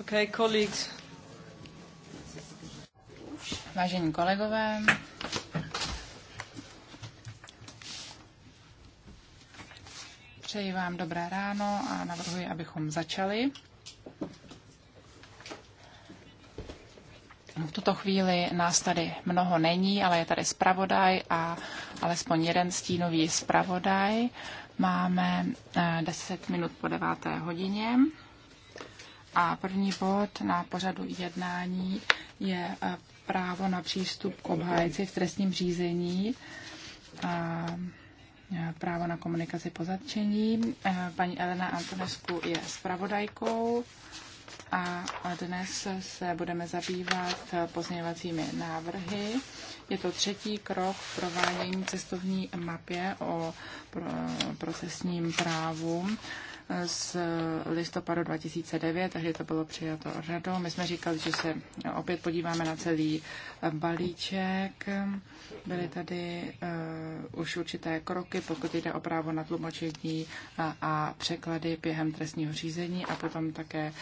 Okay, colleagues. Vážení kolegové, přeji vám dobré ráno a navrhuji, abychom začali. V tuto chvíli nás tady mnoho není, ale je tady zpravodaj a alespoň jeden stínový zpravodaj. Máme 10 eh, minut po 9. hodině. A první bod na pořadu jednání je eh, právo na přístup k obhájci v trestním řízení. A eh, právo na komunikaci po zatčení. Eh, paní Elena Antonesku je zpravodajkou a dnes se budeme zabývat pozměňovacími návrhy. Je to třetí krok v provádění cestovní mapě o procesním právu z listopadu 2009, tehdy to bylo přijato řadou. My jsme říkali, že se opět podíváme na celý eh, balíček. Byly tady uh, už určité kroky, pokud jde o právo na tlumočení a, a překlady během trestního řízení a potom také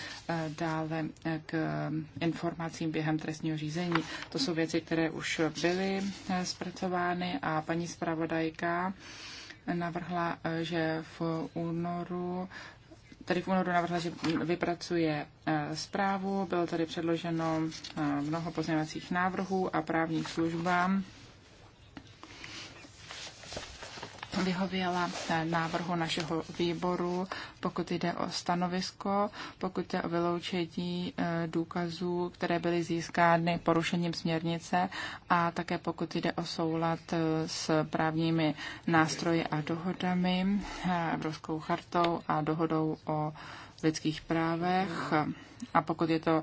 uh, dále k informacím během trestního řízení. To jsou věci, které už byly uh, zpracovány a paní zpravodajka uh, navrhla, eh, že v únoru tady v únoru navrhla, že vypracuje eh, zprávu. Bylo tady předloženo eh, mnoho pozměňovacích návrhů a právních službám vyhověla eh, návrhu našeho výboru, pokud jde o stanovisko, pokud jde o vyloučení eh, důkazů, které byly získány porušením směrnice a také pokud jde o soulad eh, s právními nástroji a dohodami, Evropskou chartou a dohodou o lidských právech a pokud je to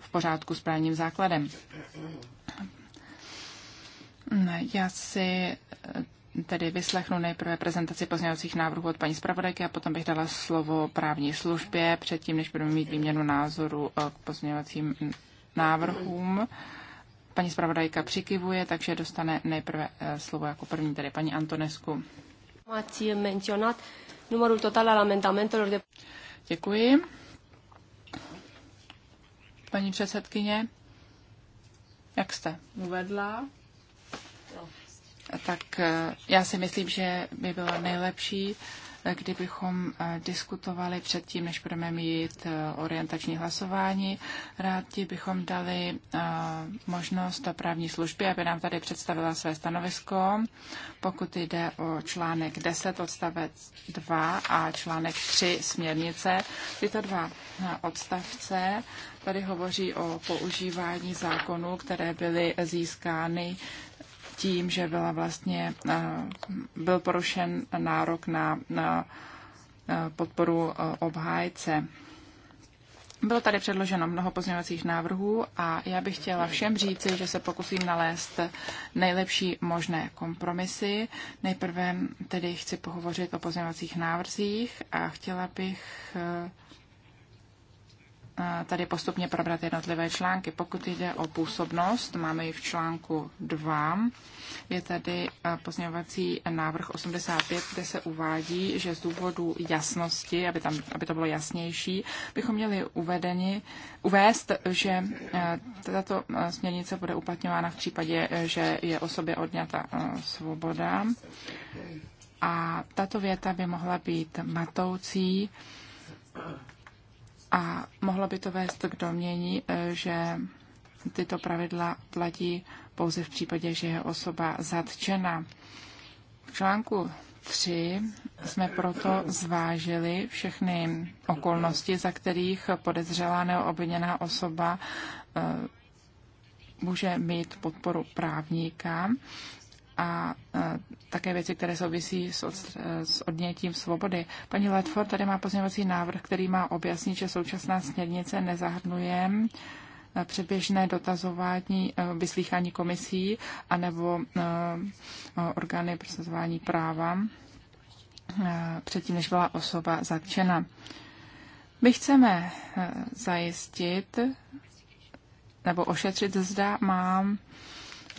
v pořádku s právním základem. Já si eh, tedy vyslechnu nejprve prezentaci pozměňovacích návrhů od paní zpravodajky a potom bych dala slovo právní službě předtím, než budeme mít výměnu názoru eh, k pozměňovacím návrhům. Paní zpravodajka přikivuje, takže dostane nejprve eh, slovo jako první, tedy paní Antonesku. Děkuji. Paní předsedkyně, jak jste uvedla, tak eh, já si myslím, že by bylo nejlepší, eh, kdybychom eh, diskutovali předtím, než budeme mít orientační hlasování. Rádi bychom dali možnost právní služby, aby nám tady představila své stanovisko, pokud jde o článek 10 odstavec 2 a článek 3 směrnice. Tyto dva odstavce tady hovoří o používání zákonů, které byly získány tím, že byla vlastně, eh, byl porušen nárok na, na eh, podporu eh, obhájce. Bylo tady předloženo mnoho pozměňovacích návrhů a já bych chtěla všem říci, že se pokusím nalézt nejlepší možné kompromisy. Nejprve tedy chci pohovořit o pozměňovacích návrzích a chtěla bych tady postupně probrat jednotlivé články. Pokud jde o působnost, máme ji v článku 2. Je tady pozměňovací návrh 85, kde se uvádí, že z důvodu jasnosti, aby, tam, aby to bylo jasnější, bychom měli uvedeni, uvést, že tato směrnice bude uplatňována v případě, e, že je osobě odňata e, svoboda. A tato věta by mohla být matoucí a mohlo by to vést k domění, eh, že tyto pravidla platí pouze v případě, že je osoba zatčena. V článku 3 jsme proto zvážili všechny okolnosti, za kterých podezřelá nebo obviněná osoba eh, může mít podporu právníka a také věci, které souvisí s, od, s odnětím svobody. Paní Ledford tady má pozměňovací návrh, který má objasnit, že současná směrnice nezahrnuje e, předběžné dotazování, e, vyslýchání komisí anebo e, orgány prosazování práva předtím, než byla osoba zatčena. My chceme zajistit nebo ošetřit, zda mám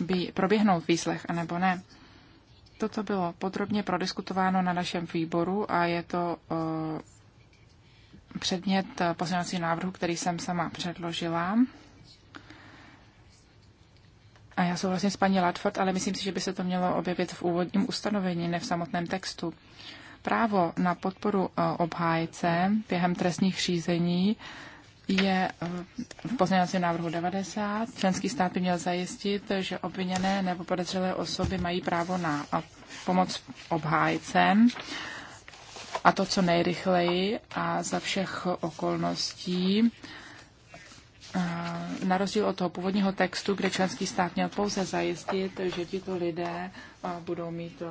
by proběhnout výslech, anebo ne. Toto bylo podrobně prodiskutováno na našem výboru a je to eh, předmět pozměňovacího návrhu, který jsem sama předložila. A já souhlasím s paní Latford, ale myslím si, že by se to mělo objevit v úvodním ustanovení, ne v samotném textu. Právo na podporu eh, obhájce během trestních řízení je eh, v pozměňovacím návrhu 90. Členský stát by měl zajistit, že obviněné nebo podezřelé osoby mají právo na pomoc obhájcem a to co nejrychleji a za všech okolností. Eh, na rozdíl od toho původního textu, kde členský stát měl pouze zajistit, že tito lidé eh, budou mít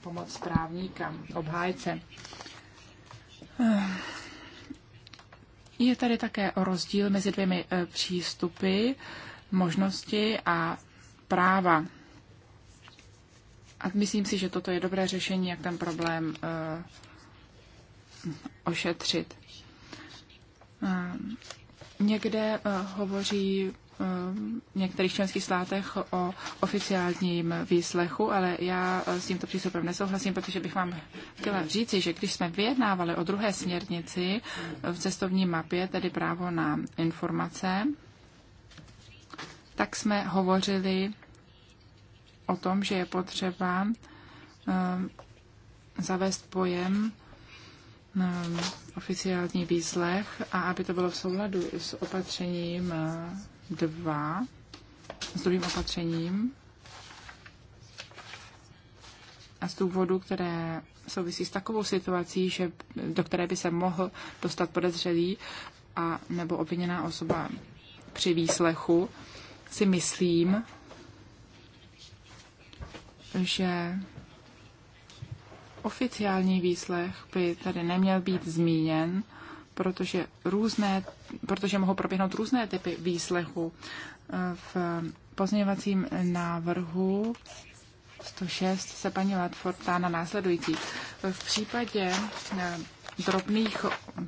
pomoc právníka, obhájce. Je tady také rozdíl mezi dvěmi e, přístupy, možnosti a práva. A myslím si, že toto je dobré řešení, jak ten problém e, ošetřit. E, někde hovoří některých členských státech o oficiálním výslechu, ale já s tímto přístupem nesouhlasím, protože bych vám chtěla říci, že když jsme vyjednávali o druhé směrnici v cestovní mapě, tedy právo na informace, tak jsme hovořili o tom, že je potřeba ehm, zavést pojem ehm, oficiální výslech a aby to bylo v souladu s opatřením 2 s druhým opatřením a z důvodu, které souvisí s takovou situací, že, do které by se mohl dostat podezřelý a nebo obviněná osoba při výslechu, si myslím, že oficiální výslech by tady neměl být zmíněn protože, různé, protože mohou proběhnout různé typy výslechu. V pozměňovacím návrhu 106 se paní Latford ptá na následující. V případě drobných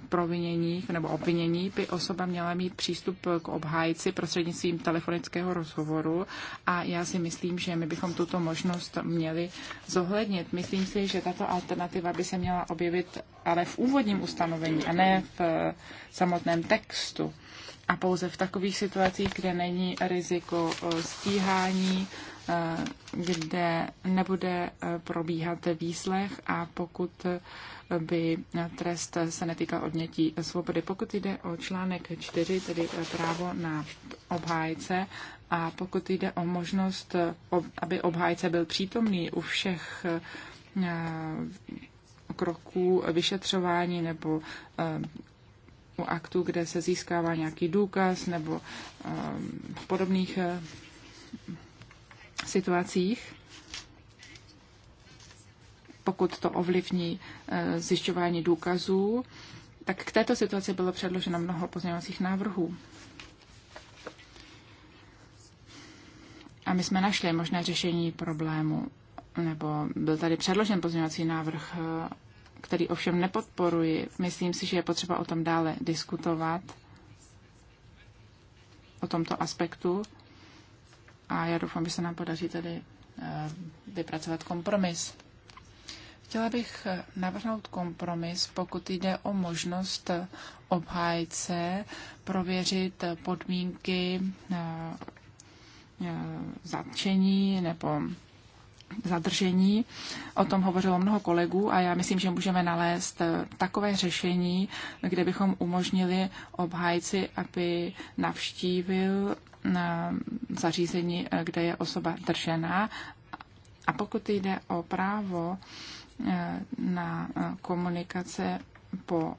proviněních nebo obvinění by osoba měla mít přístup k obhájci prostřednictvím telefonického rozhovoru a já si myslím, že my bychom tuto možnost měli zohlednit. Myslím si, že tato alternativa by se měla objevit ale v úvodním ustanovení a ne v eh, samotném textu. A pouze v takových situacích, kde není riziko eh, stíhání, Eh, kde nebude eh, probíhat výslech a pokud eh, by trest se netýkal odnětí svobody. Pokud jde o článek 4, tedy právo na obhájce, a pokud jde o možnost, aby obhájce byl přítomný u všech kroků vyšetřování nebo u aktu, kde se získává nějaký důkaz nebo podobných situacích, pokud to ovlivní eh, zjišťování důkazů, tak k této situaci bylo předloženo mnoho pozměňovacích návrhů. A my jsme našli možné řešení problému, nebo byl tady předložen pozměňovací návrh, eh, který ovšem nepodporuji. Myslím si, že je potřeba o tom dále diskutovat, o tomto aspektu a já doufám, že se nám podaří tady eh, vypracovat kompromis. Chtěla bych eh, navrhnout kompromis, pokud jde o možnost eh, obhájce prověřit podmínky zatčení nebo zadržení. O tom hovořilo mnoho kolegů a já myslím, že můžeme nalézt takové řešení, kde bychom umožnili obhájci, aby navštívil zařízení, eh, kde je osoba držená. A pokud jde o právo eh, na eh, komunikace po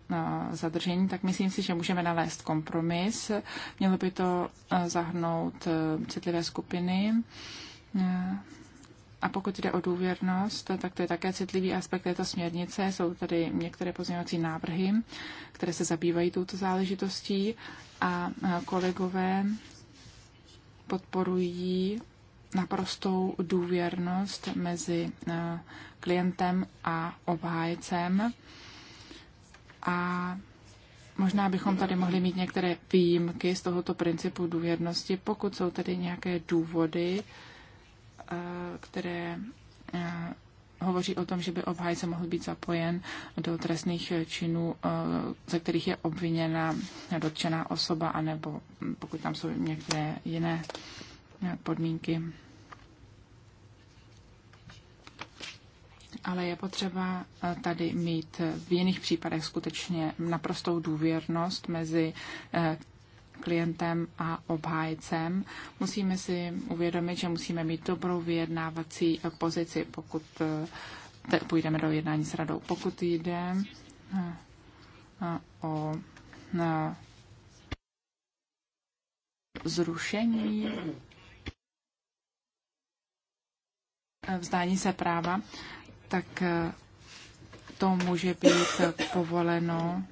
zadržení, tak myslím si, že můžeme nalézt kompromis. Mělo by to zahrnout citlivé skupiny. A pokud jde o důvěrnost, tak to je také citlivý aspekt této směrnice. Jsou tady některé pozměňovací návrhy, které se zabývají touto záležitostí a kolegové podporují naprostou důvěrnost mezi eh, klientem a obhájcem. A možná bychom tady mohli mít některé výjimky z tohoto principu důvěrnosti, pokud jsou tady nějaké důvody, eh, které eh, hovoří o tom, že by obhájce mohl být zapojen do trestných činů, eh, ze kterých je obviněna dotčená osoba, anebo pokud tam jsou některé jiné eh, podmínky. Ale je potřeba eh, tady mít v jiných případech skutečně naprostou důvěrnost mezi klientem a obhájcem. Musíme si uvědomit, že musíme mít dobrou vyjednávací pozici, pokud eh, půjdeme do jednání s radou. Pokud jde eh, eh, o zrušení vzdání se práva, tak to může být povoleno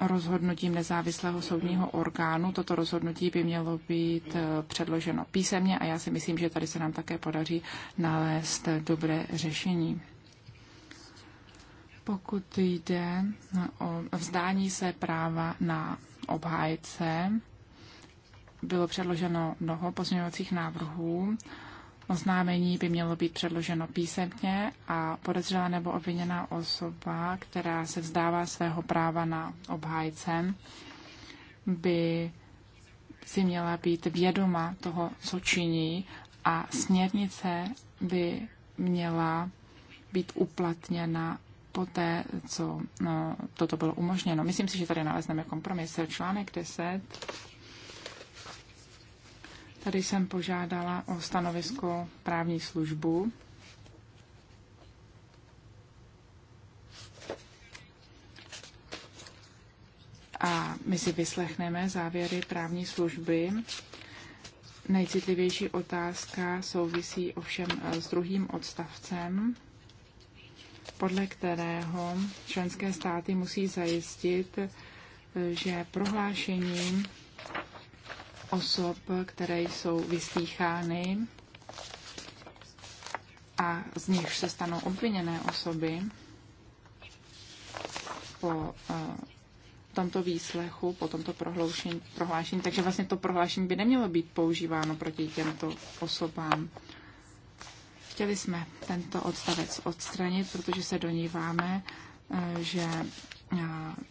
rozhodnutím nezávislého soudního orgánu. Toto rozhodnutí by mělo být eh, předloženo písemně a já si myslím, že tady se nám také podaří nalézt dobré řešení. Pokud jde eh, o vzdání se práva na obhájce, bylo předloženo mnoho pozměňovacích návrhů Oznámení by mělo být předloženo písemně a podezřelá nebo obviněná osoba, která se vzdává svého práva na obhájce, by si měla být vědoma toho, co činí a směrnice by měla být uplatněna poté, co no, toto bylo umožněno. Myslím si, že tady nalezneme kompromis. Článek 10 Tady jsem požádala o stanovisko právní službu. A my si vyslechneme závěry právní služby. Nejcitlivější otázka souvisí ovšem eh, s druhým odstavcem, podle kterého členské státy musí zajistit, eh, že prohlášením osob, které jsou vyslýchány a z nich se stanou obviněné osoby po eh, tomto výslechu, po tomto prohlášení, prohlášení. Takže vlastně to prohlášení by nemělo být používáno proti těmto osobám. Chtěli jsme tento odstavec odstranit, protože se doníváme, eh, že eh,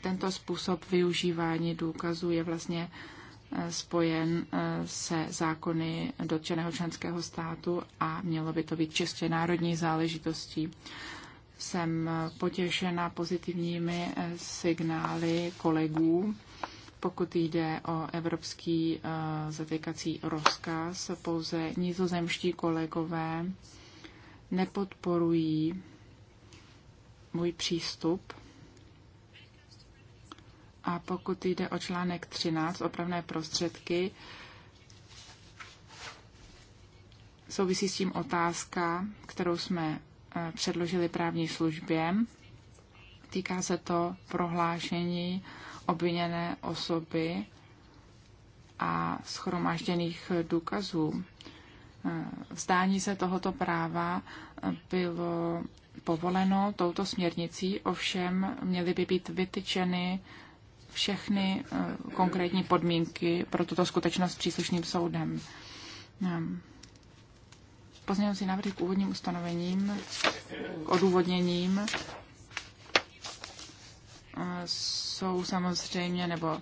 tento způsob využívání důkazů je vlastně spojen eh, se zákony dotčeného členského státu a mělo by to být čistě národní záležitostí. Jsem eh, potěšena pozitivními eh, signály kolegů, pokud jde o evropský zatýkací rozkaz. Pouze nízozemští kolegové nepodporují můj přístup a pokud jde o článek 13, opravné prostředky, souvisí s tím otázka, kterou jsme eh, předložili právní službě. Týká se to prohlášení obviněné osoby a schromážděných důkazů. Eh, vzdání se tohoto práva eh, bylo povoleno touto směrnicí, ovšem měly by být vytyčeny všechny eh, konkrétní podmínky pro tuto skutečnost příslušným soudem. Ehm, pozměňovací návrhy k úvodním ustanovením, k odůvodněním eh, jsou samozřejmě, nebo eh,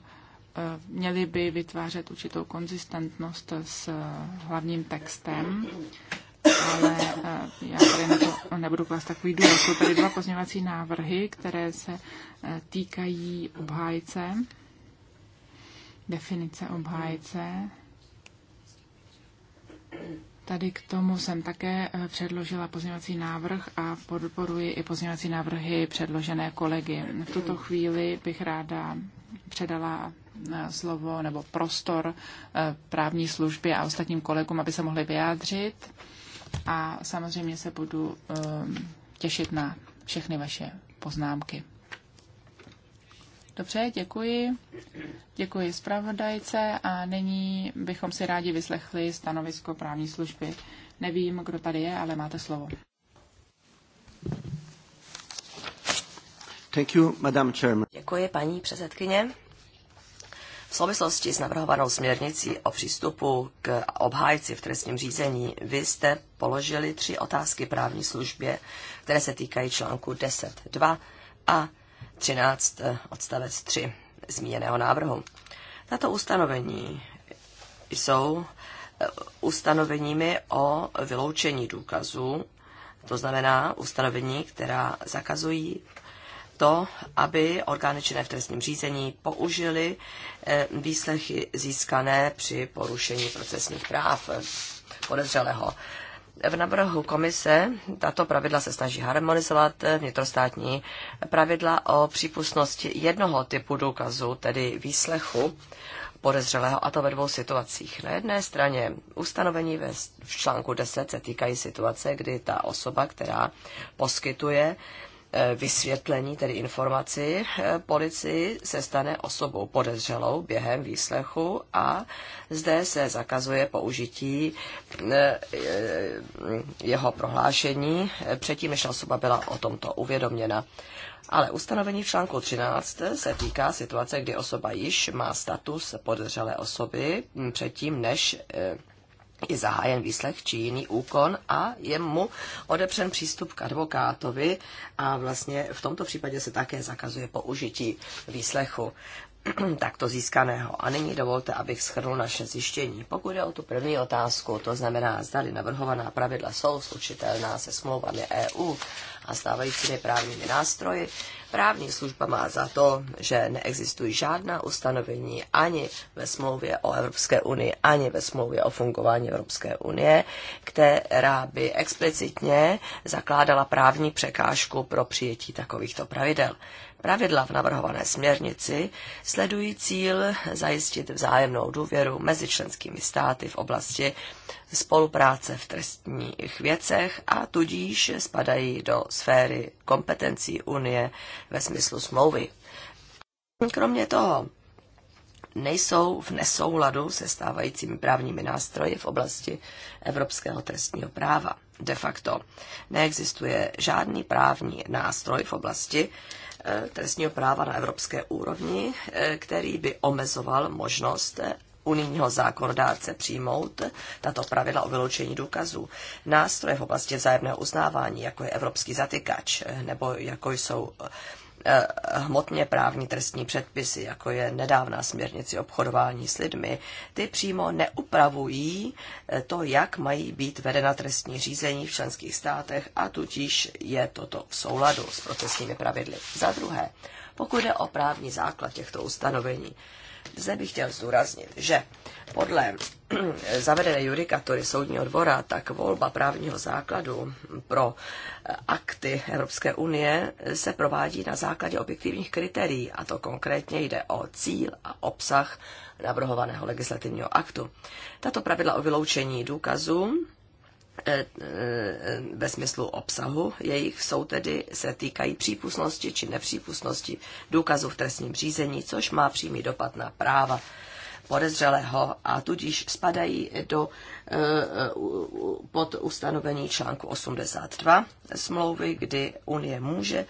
měly by vytvářet určitou konzistentnost s hlavním textem ale eh, já tady na to nebudu klást takový důvod. Jsou tady dva pozměvací návrhy, které se eh, týkají obhájce, definice obhájce. Tady k tomu jsem také eh, předložila pozměvací návrh a podporuji i pozměvací návrhy předložené kolegy. V tuto chvíli bych ráda předala slovo nebo prostor právní služby a ostatním kolegům, aby se mohli vyjádřit a samozřejmě se budu um, těšit na všechny vaše poznámky. Dobře, děkuji. Děkuji zpravodajce a nyní bychom si rádi vyslechli stanovisko právní služby. Nevím, kdo tady je, ale máte slovo. Thank you, Madam Chairman. Děkuji, paní předsedkyně. V souvislosti s navrhovanou směrnicí o přístupu k obhájci v trestním řízení vy jste položili tři otázky právní službě, které se týkají článku 10.2 a 13 eh, odstavec 3 zmíněného návrhu. Tato ustanovení jsou eh, ustanoveními o vyloučení důkazů, to znamená ustanovení, která zakazují to, aby orgány činné v trestním řízení použili eh, výslechy získané při porušení procesních práv eh, podezřelého. V návrhu komise tato pravidla se snaží harmonizovat eh, vnitrostátní pravidla o přípustnosti jednoho typu důkazu, tedy výslechu podezřelého, a to ve dvou situacích. Na jedné straně ustanovení ve, v článku 10 se týkají situace, kdy ta osoba, která poskytuje E, vysvětlení, tedy informaci, e, policii se stane osobou podezřelou během výslechu a zde se zakazuje použití e, jeho prohlášení předtím, než osoba byla o tomto uvědoměna. Ale ustanovení v článku 13 se týká situace, kdy osoba již má status podezřelé osoby předtím, než je zahájen výslech či jiný úkon a je mu odepřen přístup k advokátovi a vlastně v tomto případě se také zakazuje použití výslechu. takto získaného. A nyní dovolte, abych schrnul naše zjištění. Pokud je o tu první otázku, to znamená, zdali navrhovaná pravidla jsou slučitelná se smlouvami EU a stávajícími právními nástroji, právní služba má za to, že neexistují žádná ustanovení ani ve smlouvě o Evropské unii, ani ve smlouvě o fungování Evropské unie, která by explicitně zakládala právní překážku pro přijetí takovýchto pravidel. Pravidla v navrhované směrnici sledují cíl zajistit vzájemnou důvěru mezi členskými státy v oblasti spolupráce v trestních věcech a tudíž spadají do sféry kompetencí Unie ve smyslu smlouvy. Kromě toho, nejsou v nesouladu se stávajícími právními nástroji v oblasti evropského trestního práva. De facto neexistuje žádný právní nástroj v oblasti Eh, trestního práva na evropské úrovni, eh, který by omezoval možnost unijního zákonodárce přijmout tato pravidla o vyloučení důkazů. Nástroje v oblasti vzájemného uznávání, jako je evropský zatykač, eh, nebo jako jsou Eh, hmotně právní trestní předpisy, jako je nedávná směrnici obchodování s lidmi, ty přímo neupravují eh, to, jak mají být vedena trestní řízení v členských státech a tudíž je toto v souladu s procesními pravidly. Za druhé, pokud jde o právní základ těchto ustanovení, zde bych chtěl zdůraznit, že podle zavedené judikatury Soudního dvora, tak volba právního základu pro eh, akty Evropské unie se provádí na základě objektivních kritérií, a to konkrétně jde o cíl a obsah navrhovaného legislativního aktu. Tato pravidla o vyloučení důkazů Eh, eh, ve smyslu obsahu jejich jsou tedy, se týkají přípustnosti či nepřípustnosti důkazů v trestním řízení, což má přímý dopad na práva podezřelého a tudíž spadají do, eh, pod ustanovení článku 82 smlouvy, kdy Unie může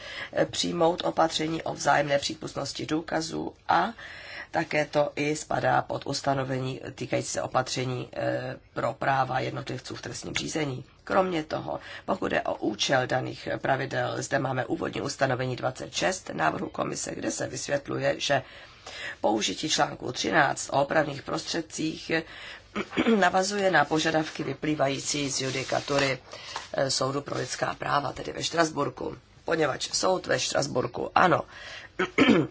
přijmout opatření o vzájemné přípustnosti důkazů a také to i spadá pod ustanovení týkající se opatření eh, pro práva jednotlivců v trestním řízení. Kromě toho, pokud je o účel daných pravidel, zde máme úvodní ustanovení 26 návrhu komise, kde se vysvětluje, že použití článku 13 o opravných prostředcích eh, navazuje na požadavky vyplývající z judikatury eh, Soudu pro lidská práva, tedy ve Štrasburku. Poněvadž soud ve Štrasburku, ano,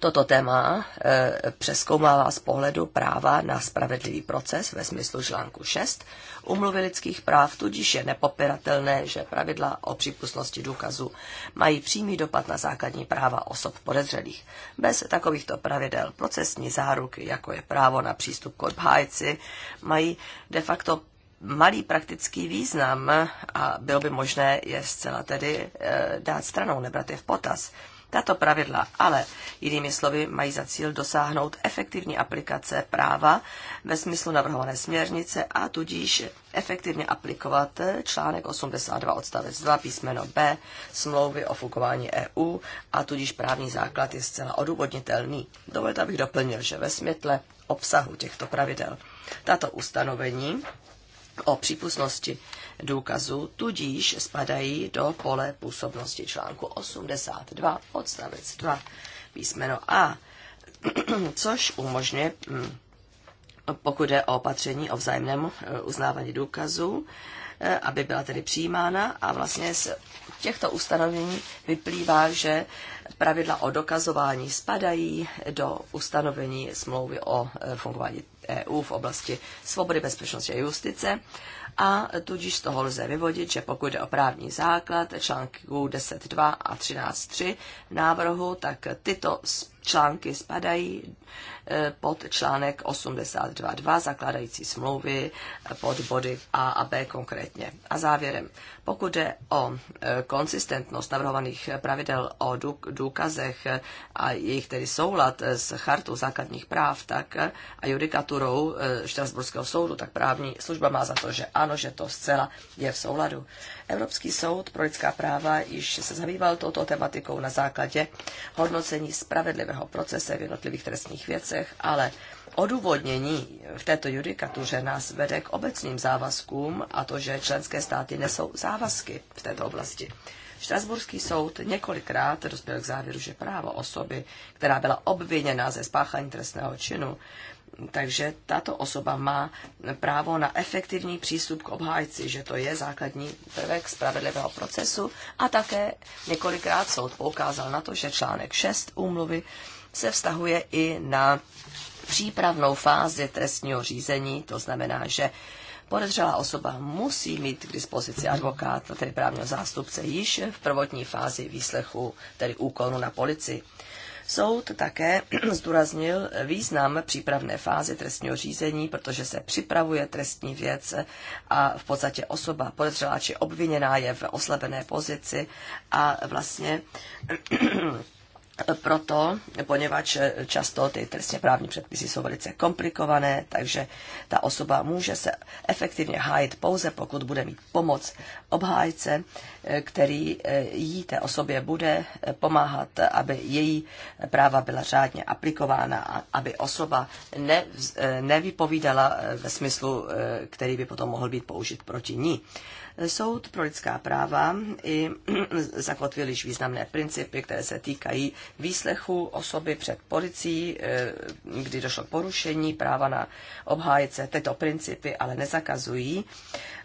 Toto téma eh, přeskoumává z pohledu práva na spravedlivý proces ve smyslu článku 6 umluvy lidských práv, tudíž je nepopiratelné, že pravidla o přípustnosti důkazu mají přímý dopad na základní práva osob podezřelých. Bez takovýchto pravidel procesní záruky, jako je právo na přístup k obhájci, mají de facto malý praktický význam a bylo by možné je zcela tedy eh, dát stranou, nebrat je v potaz. Tato pravidla ale jinými slovy mají za cíl dosáhnout efektivní aplikace práva ve smyslu navrhované směrnice a tudíž efektivně aplikovat článek 82 odstavec 2 písmeno B smlouvy o fungování EU a tudíž právní základ je zcela odůvodnitelný. Dovolte, abych doplnil, že ve smětle obsahu těchto pravidel tato ustanovení o přípustnosti důkazu tudíž spadají do pole působnosti článku 82 odstavec 2 písmeno A, což umožňuje, mm, pokud je o opatření o vzájemném eh, uznávání důkazů, eh, aby byla tedy přijímána a vlastně z těchto ustanovení vyplývá, že pravidla o dokazování spadají do ustanovení smlouvy o eh, fungování EU v oblasti svobody, bezpečnosti a justice a tudíž z toho lze vyvodit, že pokud jde o právní základ článků 10.2 a 13.3 návrhu, tak tyto články spadají eh, pod článek 82.2 zakládající smlouvy eh, pod body A a B konkrétně. A závěrem, pokud jde o eh, konsistentnost navrhovaných pravidel o důkazech a jejich tedy soulad s chartou základních práv tak a judikaturou Štrasburského soudu, tak právní služba má za to, že ano, že to zcela je v souladu. Evropský soud pro lidská práva již se zabýval touto tematikou na základě hodnocení spravedlivé celkového procese v jednotlivých trestních věcech, ale odůvodnění v této judikatuře nás vede k obecným závazkům a to, že členské státy nesou závazky v této oblasti. Štrasburský soud několikrát dospěl k závěru, že právo osoby, která byla obviněna ze spáchání trestného činu, takže tato osoba má právo na efektivní přístup k obhájci, že to je základní prvek spravedlivého procesu a také několikrát soud poukázal na to, že článek 6 úmluvy se vztahuje i na přípravnou fázi trestního řízení, to znamená, že podezřelá osoba musí mít k dispozici advokáta, tedy právního zástupce, již v prvotní fázi výslechu, tedy úkonu na policii. Soud také zdůraznil význam přípravné fáze trestního řízení, protože se připravuje trestní věc a v podstatě osoba podezřelá či obviněná je v oslabené pozici a vlastně proto, poněvadž často ty trestně právní předpisy jsou velice komplikované, takže ta osoba může se efektivně hájit pouze, pokud bude mít pomoc obhájce, který eh, jí té osobě bude eh, pomáhat, aby její práva byla řádně aplikována a aby osoba ne, eh, nevypovídala ve smyslu, který by potom mohl být použit proti ní. Soud pro lidská práva i zakotvil již významné principy, které se týkají výslechu osoby před policií, eh, kdy došlo k porušení práva na obhájce. Tyto principy ale nezakazují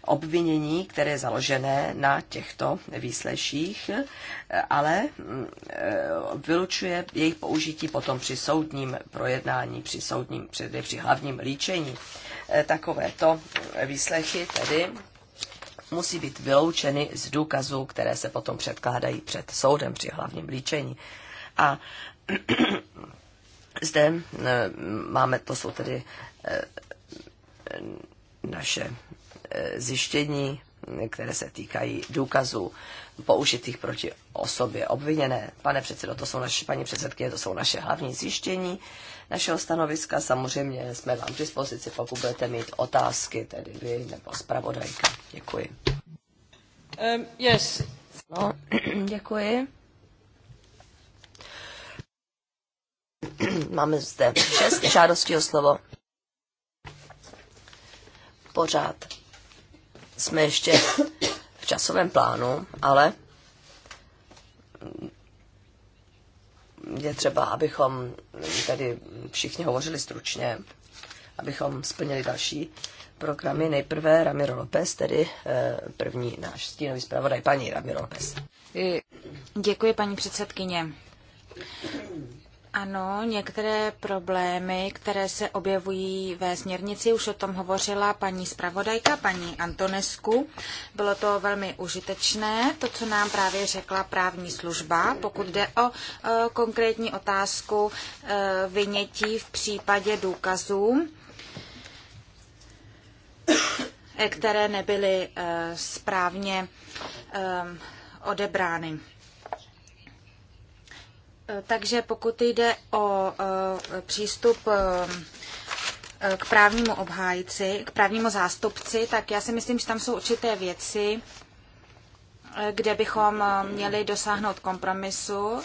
obvinění, které je založené na těchto výsleších, eh, ale mm, eh, vylučuje jejich použití potom při soudním projednání, při soudním, při, při hlavním líčení. Takovéto výslechy tedy musí být vyloučeny z důkazů, které se potom předkládají před soudem při hlavním líčení. A zde eh, máme, to jsou tedy eh, naše eh, zjištění, které se týkají důkazů použitých proti osobě obviněné. Pane předsedo, to jsou naše, paní předsedkyně, to jsou naše hlavní zjištění našeho stanoviska. Samozřejmě jsme vám k dispozici, pokud budete mít otázky, tedy vy nebo zpravodajka. Děkuji. Um, yes. No, děkuji. Máme zde šest žádostí o slovo. Pořád jsme ještě v časovém plánu, ale je třeba, abychom tady všichni hovořili stručně, abychom splnili další programy. Nejprve Ramiro López, tedy eh, první náš stínový zpravodaj, paní Ramiro López. Děkuji, paní předsedkyně. Ano, některé problémy, které se objevují ve směrnici, už o tom hovořila paní zpravodajka, paní Antonesku. Bylo to velmi užitečné, to, co nám právě řekla právní služba, pokud jde o e, konkrétní otázku e, vynětí v případě důkazů, e, které nebyly e, správně e, odebrány. Takže pokud jde o e, přístup e, k právnímu obhájci, k právnímu zástupci, tak já si myslím, že tam jsou určité věci, e, kde bychom měli dosáhnout kompromisu.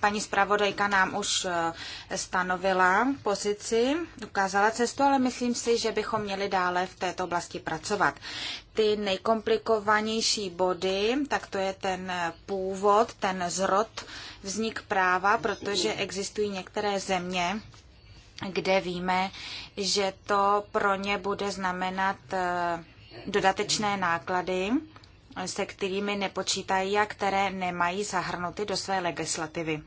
Paní zpravodajka nám už stanovila pozici, ukázala cestu, ale myslím si, že bychom měli dále v této oblasti pracovat. Ty nejkomplikovanější body, tak to je ten původ, ten zrod vznik práva, protože existují některé země, kde víme, že to pro ně bude znamenat eh, dodatečné náklady, se kterými nepočítají a které nemají zahrnuty do své legislativy.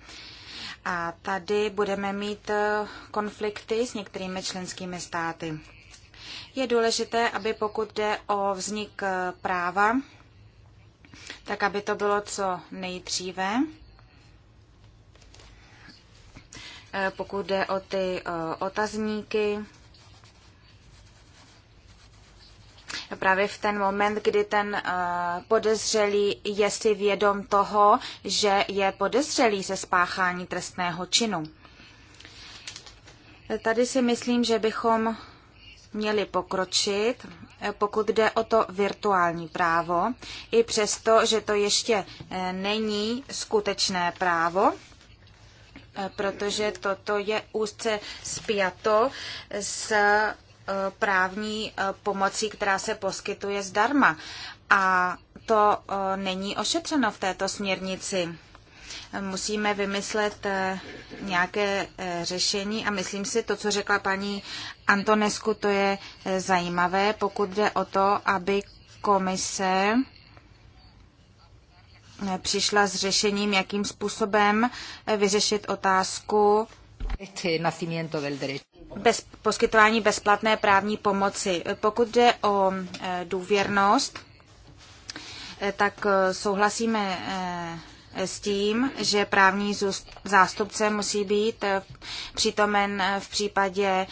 A tady budeme mít eh, konflikty s některými členskými státy. Je důležité, aby pokud jde o vznik eh, práva, tak aby to bylo co nejdříve Eh, pokud jde o ty eh, otazníky. Právě v ten moment, kdy ten eh, podezřelý je si vědom toho, že je podezřelý ze spáchání trestného činu. Tady si myslím, že bychom měli pokročit, pokud jde o to virtuální právo, i přesto, že to ještě není skutečné právo Eh, protože toto je úzce spjato s eh, právní eh, pomocí, která se poskytuje zdarma. A to není ošetřeno v této směrnici. Musíme vymyslet nějaké řešení a myslím si, to, co řekla paní Antonesku, to je zajímavé, pokud jde o to, aby komise přišla s řešením, jakým způsobem eh, vyřešit otázku bez, poskytování bezplatné právní pomoci. Eh, pokud jde o eh, důvěrnost, tak souhlasíme s tím, že právní zástupce musí být přítomen v případě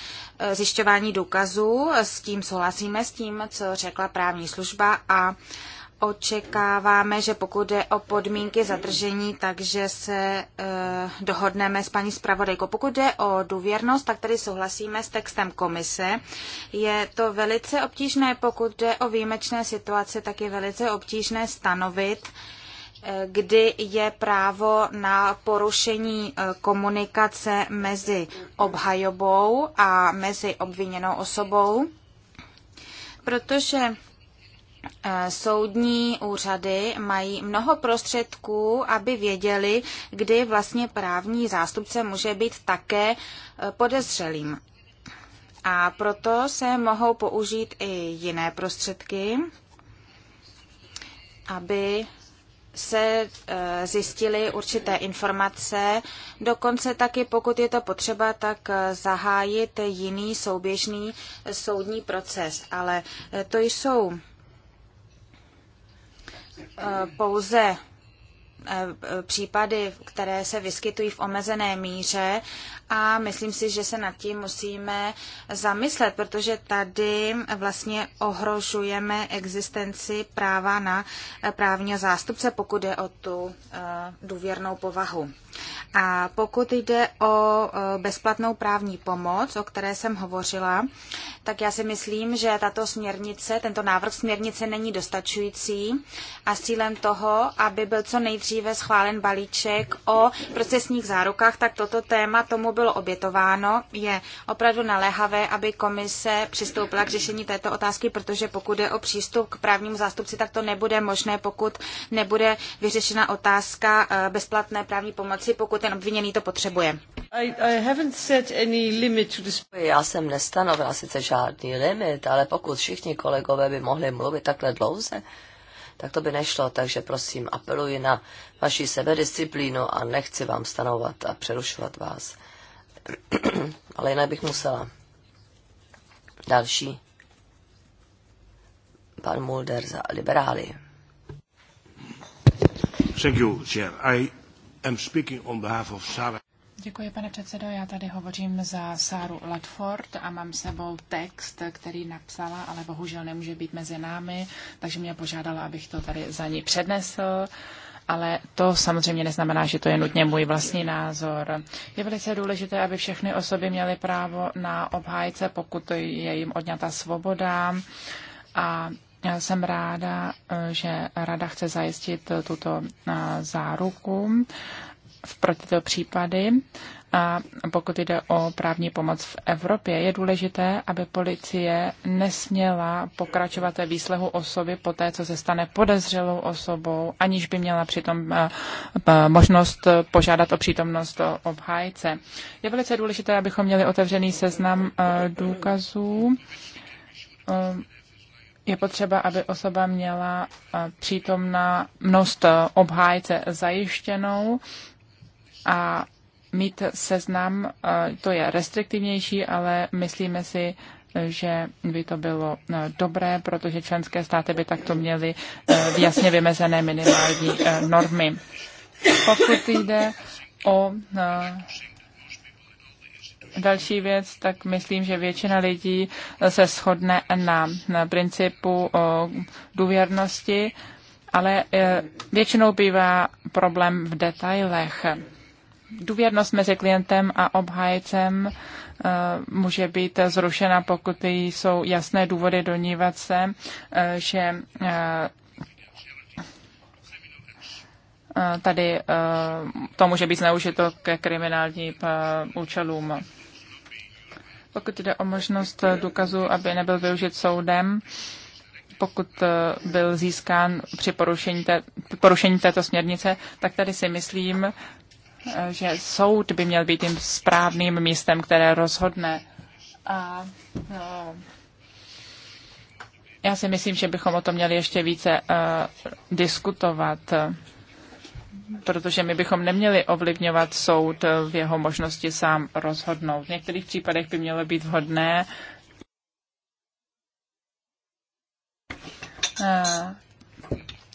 zjišťování důkazů. S tím souhlasíme, s tím, co řekla právní služba a očekáváme, že pokud jde o podmínky zadržení, takže se e, dohodneme s paní zpravodajkou. Pokud jde o důvěrnost, tak tady souhlasíme s textem komise. Je to velice obtížné, pokud jde o výjimečné situace, tak je velice obtížné stanovit, e, kdy je právo na porušení e, komunikace mezi obhajobou a mezi obviněnou osobou, protože Eh, soudní úřady mají mnoho prostředků, aby věděli, kdy vlastně právní zástupce může být také eh, podezřelým. A proto se mohou použít i jiné prostředky, aby se eh, zjistily určité informace, dokonce taky, pokud je to potřeba, tak zahájit jiný souběžný soudní proces. Ale to jsou Eh, pouze eh, eh, případy, které se vyskytují v omezené míře a myslím si, že se nad tím musíme zamyslet, protože tady vlastně ohrožujeme existenci práva na právního zástupce, pokud je o tu eh, důvěrnou povahu. A pokud jde o eh, bezplatnou právní pomoc, o které jsem hovořila, tak já si myslím, že tato směrnice, tento návrh směrnice není dostačující a s cílem toho, aby byl co nejdříve schválen balíček o procesních zárukách, tak toto téma tomu bylo obětováno, je opravdu naléhavé, aby komise přistoupila k řešení této otázky, protože pokud je o přístup k právnímu zástupci, tak to nebude možné, pokud nebude vyřešena otázka eh, bezplatné právní pomoci, pokud ten obviněný to potřebuje. Já jsem nestanovila sice žádný limit, ale pokud všichni kolegové by mohli mluvit takhle dlouze, tak to by nešlo, takže prosím, apeluji na vaši sebedisciplínu a nechci vám stanovat a přerušovat vás ale jinak bych musela. Další. Pan Mulder za liberály. Thank you, Chair. I am speaking on behalf of Sarah. Děkuji, pane předsedo. Já tady hovořím za Sáru Ledford a mám sebou text, který napsala, ale bohužel nemůže být mezi námi, takže mě požádala, abych to tady za ní přednesl. Uh, ale to samozřejmě neznamená, že to je nutně můj vlastní názor. Je velice důležité, aby všechny osoby měly právo na obhájce, pokud je jim odňata svoboda a já jsem ráda, že Rada chce zajistit tuto záruku v pro tyto případy a pokud jde o právní pomoc v Evropě, je důležité, aby policie nesměla pokračovat ve výslehu osoby po té, co se stane podezřelou osobou, aniž by měla přitom eh, eh, možnost požádat o přítomnost obhájce. Je velice důležité, abychom měli otevřený seznam eh, důkazů. Je potřeba, aby osoba měla přítomnost obhájce zajištěnou a mít seznam, to je restriktivnější, ale myslíme si, že by to bylo e, dobré, protože členské státy by takto měly e, jasně vymezené minimální e, normy. Pokud jde o další věc, tak myslím, že většina lidí se shodne na, principu důvěrnosti, ale většinou bývá problém v detailech důvěrnost mezi klientem a obhájcem eh, může být zrušena, pokud jsou jasné důvody donívat se, eh, že eh, tady to může být zneužito ke kriminálním účelům. Pokud jde o možnost důkazu, aby nebyl využit soudem, pokud byl získán při porušení, té, porušení této směrnice, tak tady si myslím, že soud by měl být tím správným místem, které rozhodne. A no, já si myslím, že bychom o tom měli ještě více uh, diskutovat, protože my bychom neměli ovlivňovat soud v jeho možnosti sám rozhodnout. V některých případech by mělo být vhodné uh,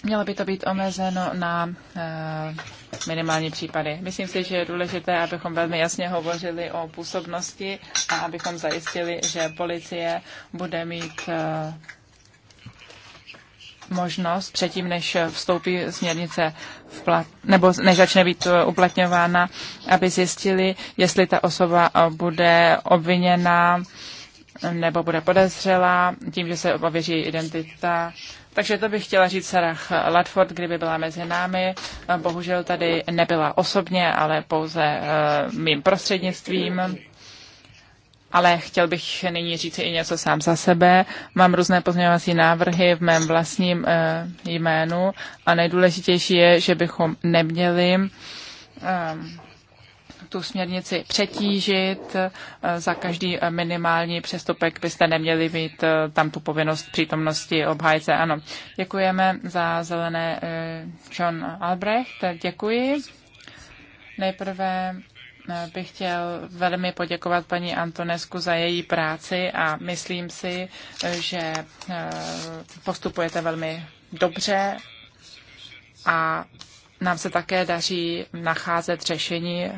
mělo by to být omezeno na uh, minimální případy. Myslím si, že je důležité, abychom velmi jasně hovořili o působnosti a abychom zajistili, že policie bude mít eh, možnost předtím, než vstoupí směrnice v plat, nebo než začne být eh, uplatňována, aby zjistili, jestli ta osoba eh, bude obviněna nebo bude podezřelá tím, že se ověří identita takže to bych chtěla říct Sarah Ladford, kdyby byla mezi námi. Bohužel tady nebyla osobně, ale pouze eh, mým prostřednictvím. Ale chtěl bych nyní říct i něco sám za sebe. Mám různé pozměňovací návrhy v mém vlastním eh, jménu a nejdůležitější je, že bychom neměli eh, tu směrnici přetížit. Eh, za každý minimální přestupek byste neměli mít eh, tam tu povinnost přítomnosti obhájce. Ano, děkujeme za zelené eh, John Albrecht. Děkuji. Nejprve bych chtěl velmi poděkovat paní Antonesku za její práci a myslím si, že postupujete velmi dobře a nám se také daří nacházet řešení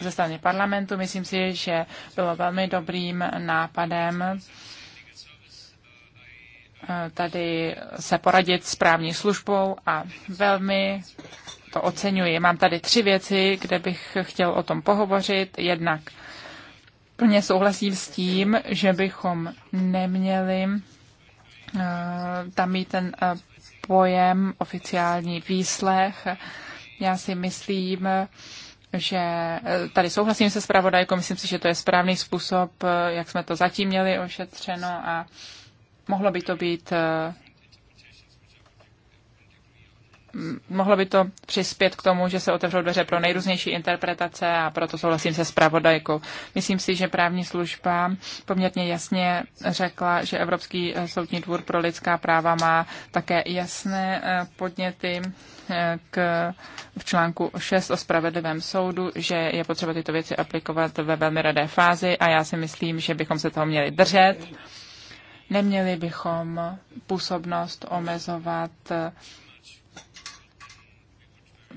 ze strany parlamentu. Myslím si, že bylo velmi dobrým nápadem eh, tady se poradit s právní službou a velmi to oceňuji. Mám tady tři věci, kde bych chtěl o tom pohovořit. Jednak plně souhlasím s tím, že bychom neměli eh, tam mít ten eh, pojem oficiální výslech. Já si myslím, že eh, tady souhlasím se zpravodajkou, myslím si, že to je správný způsob, eh, jak jsme to zatím měli ošetřeno a mohlo by to být eh, mohlo by to přispět k tomu, že se otevřou dveře pro nejrůznější interpretace a proto souhlasím se zpravodajkou. Myslím si, že právní služba poměrně jasně řekla, že Evropský eh, soudní dvůr pro lidská práva má také jasné eh, podněty eh, k, v článku 6 o spravedlivém soudu, že je potřeba tyto věci aplikovat ve velmi radé fázi a já si myslím, že bychom se toho měli držet. Neměli bychom působnost omezovat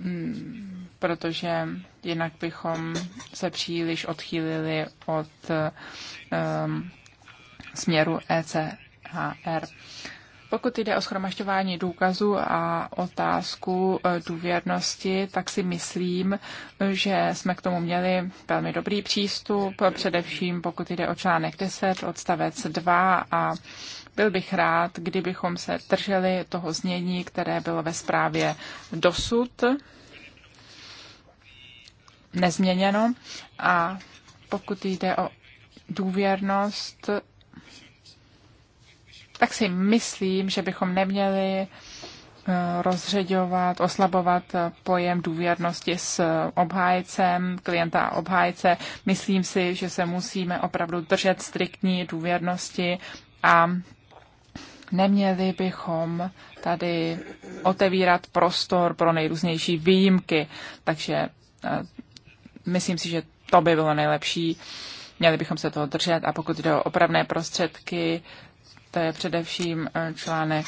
Hmm, protože jinak bychom se příliš odchýlili od um, směru ECHR. Pokud jde o schromažďování důkazů a otázku e, důvěrnosti, tak si myslím, že jsme k tomu měli velmi dobrý přístup, především pokud jde o článek 10, odstavec 2 a byl bych rád, kdybychom se drželi toho znění, které bylo ve zprávě dosud nezměněno a pokud jde o důvěrnost, tak si myslím, že bychom neměli eh, rozředovat, oslabovat pojem důvěrnosti s obhájcem, klienta a obhájce. Myslím si, že se musíme opravdu držet striktní důvěrnosti a Neměli bychom tady otevírat prostor pro nejrůznější výjimky, takže eh, myslím si, že to by bylo nejlepší. Měli bychom se toho držet a pokud jde o opravné prostředky, to je především eh, článek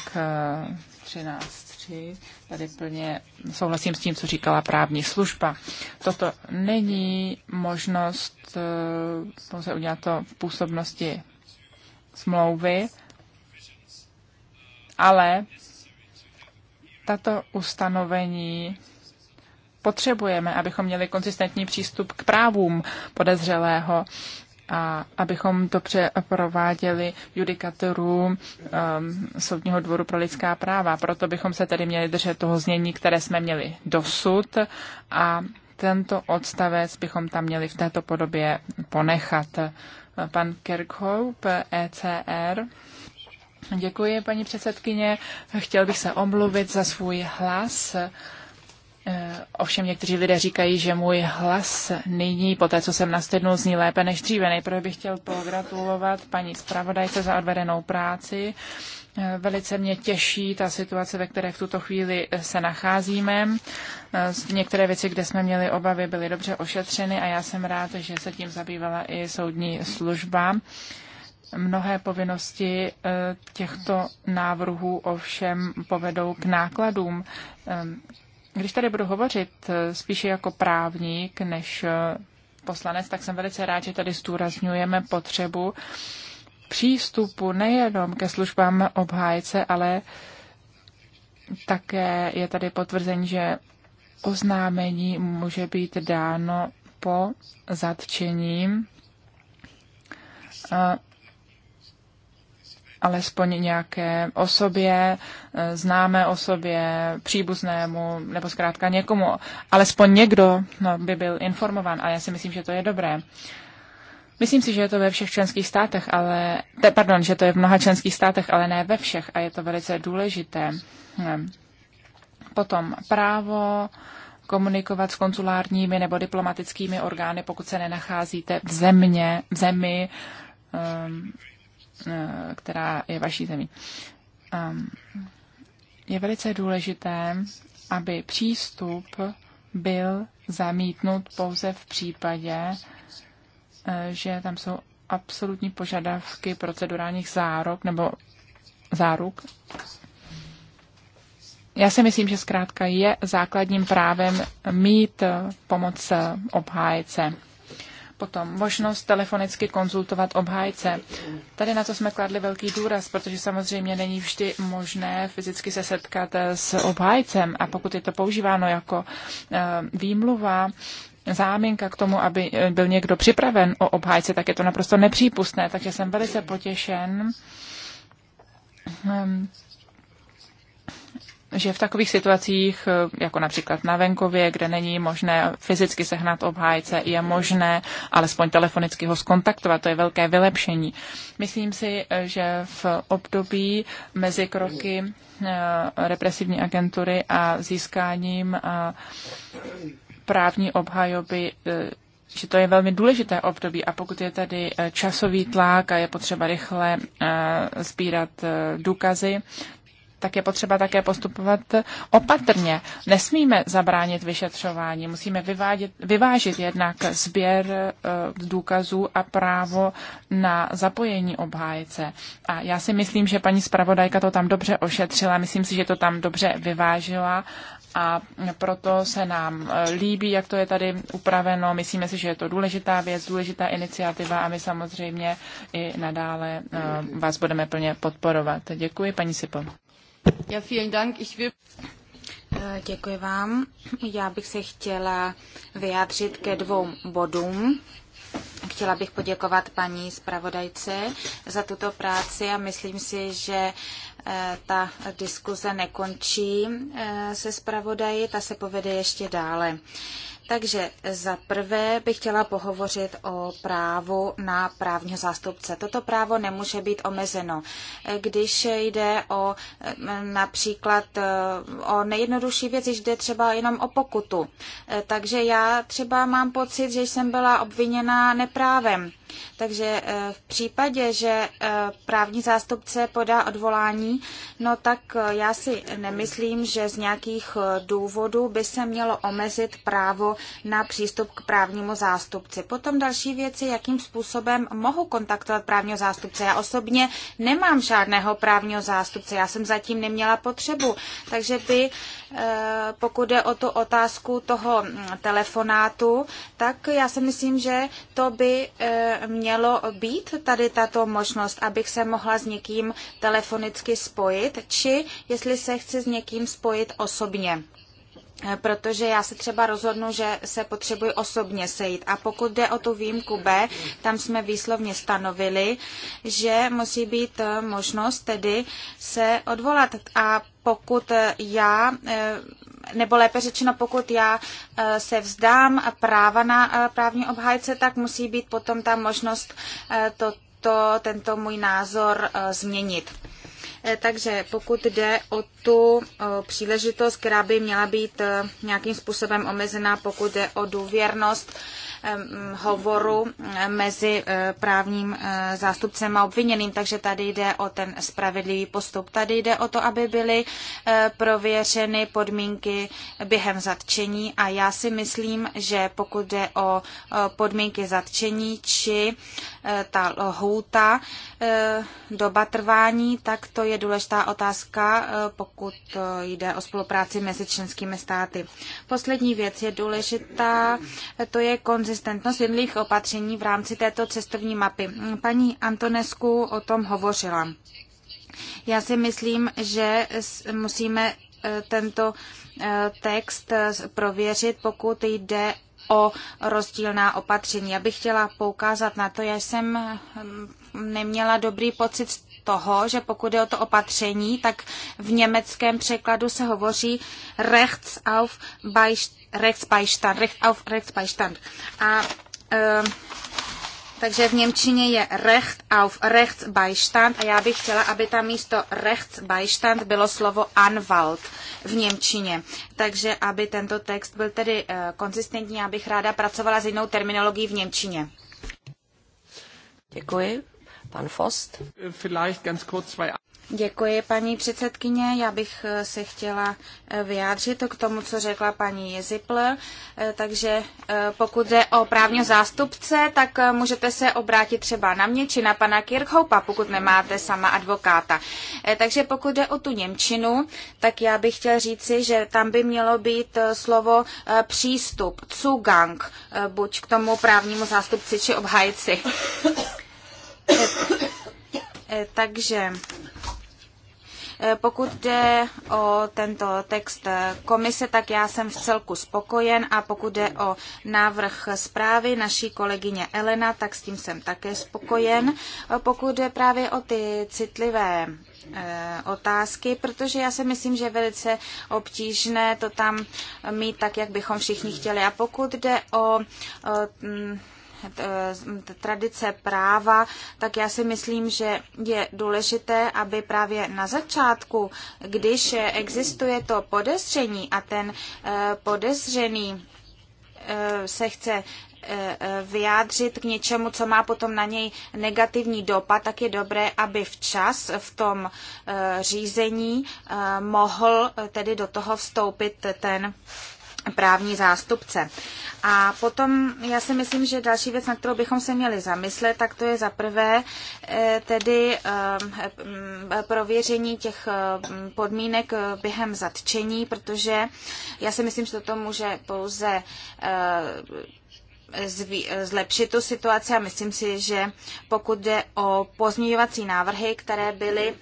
13.3. Eh, tady plně souhlasím s tím, co říkala právní služba. Toto není možnost pouze udělat to v působnosti smlouvy, ale tato ustanovení potřebujeme, abychom měli konzistentní přístup k právům podezřelého a abychom to prováděli judikaturu um, Soudního dvoru pro lidská práva. Proto bychom se tedy měli držet toho znění, které jsme měli dosud a tento odstavec bychom tam měli v této podobě ponechat. Pan Kirkhope, ECR. Děkuji, paní předsedkyně. Chtěl bych se omluvit za svůj hlas. Eh, ovšem někteří lidé říkají, že můj hlas nyní, po té, co jsem nastydnul, zní lépe než dříve. Nejprve bych chtěl pogratulovat paní zpravodajce za odvedenou práci. Eh, velice mě těší ta situace, ve které v tuto chvíli se nacházíme. Eh, některé věci, kde jsme měli obavy, byly dobře ošetřeny a já jsem rád, že se tím zabývala i soudní služba. Mnohé povinnosti eh, těchto návrhů ovšem povedou k nákladům. Ehm, když tady budu hovořit eh, spíše jako právník než eh, poslanec, tak jsem velice rád, že tady zdůrazňujeme potřebu přístupu nejenom ke službám obhájce, ale také je tady potvrzení, že oznámení může být dáno po zatčení alespoň nějaké osobě, e, známé osobě, příbuznému, nebo zkrátka někomu. Alespoň někdo no, by byl informován a já si myslím, že to je dobré. Myslím si, že je to ve všech členských státech, ale, te, pardon, že to je v mnoha členských státech, ale ne ve všech a je to velice důležité. Hm. Potom právo komunikovat s konzulárními nebo diplomatickými orgány, pokud se nenacházíte v, země, v zemi, hm, Eh, která je vaší zemí. Ehm, je velice důležité, aby přístup byl zamítnut pouze v případě, eh, že tam jsou absolutní požadavky procedurálních zárok nebo záruk. Já si myslím, že zkrátka je základním právem mít eh, pomoc obhájce. Potom možnost telefonicky konzultovat obhájce. Tady na to jsme kladli velký důraz, protože samozřejmě není vždy možné fyzicky se setkat eh, s obhájcem a pokud je to používáno jako eh, výmluva, záminka k tomu, aby eh, byl někdo připraven o obhájce, tak je to naprosto nepřípustné. Takže jsem velice potěšen ehm, že v takových situacích, eh, jako například na venkově, kde není možné fyzicky sehnat obhájce, je možné alespoň telefonicky ho skontaktovat. To je velké vylepšení. Myslím si, eh, že v období mezi kroky eh, represivní agentury a získáním právní obhajoby že to je velmi důležité období a pokud je tady časový tlak a je potřeba rychle sbírat důkazy, tak je potřeba také postupovat opatrně. Nesmíme zabránit vyšetřování, musíme vyvádět, vyvážit jednak sběr e, důkazů a právo na zapojení obhájce. A já si myslím, že paní zpravodajka to tam dobře ošetřila, myslím si, že to tam dobře vyvážila a proto se nám eh, líbí, jak to je tady upraveno. Myslíme si, že je to důležitá věc, důležitá iniciativa a my samozřejmě i nadále eh, vás budeme plně podporovat. Děkuji, paní Sipol. Ja, vielen Dank. Ich will... Eh, děkuji vám. Já bych se chtěla vyjádřit ke dvou bodům. Chtěla bych poděkovat paní zpravodajce za tuto práci a myslím si, že eh, ta diskuze nekončí eh, se zpravodaji, ta se povede ještě dále. Takže za prvé bych chtěla pohovořit o právu na právního zástupce. Toto právo nemůže být omezeno. Když jde o eh, například eh, o nejjednodušší věc, když jde třeba jenom o pokutu. Eh, takže já třeba mám pocit, že jsem byla obviněna neprávem. Takže eh, v případě, že eh, právní zástupce podá odvolání, no tak eh, já si nemyslím, že z nějakých důvodů by se mělo omezit právo na přístup k právnímu zástupci. Potom další věci, jakým způsobem mohu kontaktovat právního zástupce. Já osobně nemám žádného právního zástupce, já jsem zatím neměla potřebu, takže by, pokud jde o tu otázku toho mm, telefonátu, tak já si myslím, že to by mělo být tady tato možnost, abych se mohla s někým telefonicky spojit, či jestli se chci s někým spojit osobně protože já se třeba rozhodnu, že se potřebuji osobně sejít. A pokud jde o tu výjimku B, tam jsme výslovně stanovili, že musí být eh, možnost tedy se odvolat. A pokud eh, já eh, nebo lépe řečeno, pokud já eh, se vzdám práva na eh, právní obhájce, tak musí být potom ta možnost eh, to to tento můj názor změnit. Takže pokud jde o tu příležitost, která by měla být nějakým způsobem omezená, pokud jde o důvěrnost hovoru mezi eh, právním eh, zástupcem a obviněným, takže tady jde o ten spravedlivý postup. Tady jde o to, aby byly eh, prověřeny podmínky během zatčení a já si myslím, že pokud jde o podmínky zatčení či ta lhůta, E, doba trvání, tak to je důležitá otázka, e, pokud e, jde o spolupráci mezi členskými státy. Poslední věc je důležitá, to je konzistentnost jednotlivých opatření v rámci této cestovní mapy. Paní Antonesku o tom hovořila. Já si myslím, že musíme tento text prověřit, pokud jde o rozdílná opatření. Já bych chtěla poukázat na to, já jsem hm, neměla dobrý pocit toho, že pokud je o to opatření, tak v německém překladu se hovoří rechts auf Beistand, Rechtsbeistand, Recht auf Beistand. A uh, takže v Němčině je recht auf Rechtsbeistand a já bych chtěla, aby tam místo Rechtsbeistand bylo slovo Anwalt v Němčině. Takže aby tento text byl tedy eh, konzistentní, já bych ráda pracovala s jinou terminologií v Němčině. Děkuji. Pan Fost. Vielleicht ganz kurz zwei Děkuji, paní předsedkyně. Já bych eh, se chtěla eh, vyjádřit k tomu, co řekla paní Jezipl. Eh, takže pokud jde o právního zástupce, tak můžete se obrátit třeba na mě či na pana Kirchhoupa, pokud nemáte sama advokáta. Takže pokud jde o tu Němčinu, tak já bych chtěla říci, že tam by mělo být slovo přístup, Zugang, buď k tomu právnímu zástupci či obhájci. Takže Eh, pokud jde o tento text eh, komise, tak já jsem v celku spokojen a pokud jde o návrh zprávy naší kolegyně Elena, tak s tím jsem také spokojen. Eh, pokud jde právě o ty citlivé otázky, protože já si myslím, že je velice obtížné to tam mít tak, jak bychom všichni chtěli. A pokud jde o Eh, tradice práva, tak já si myslím, že je důležité, aby právě na začátku, když existuje to podezření a ten eh, podezřený eh, se chce vyjádřit k něčemu, co má potom na něj negativní dopad, tak je dobré, aby včas v tom řízení mohl tedy do toho vstoupit ten právní zástupce. A potom já si myslím, že další věc, na kterou bychom se měli zamyslet, tak to je zaprvé eh, tedy eh, prověření těch eh, podmínek během zatčení, protože já si myslím, že toto může pouze zlepšit tu situaci a myslím si, že pokud jde o pozměňovací návrhy, které byly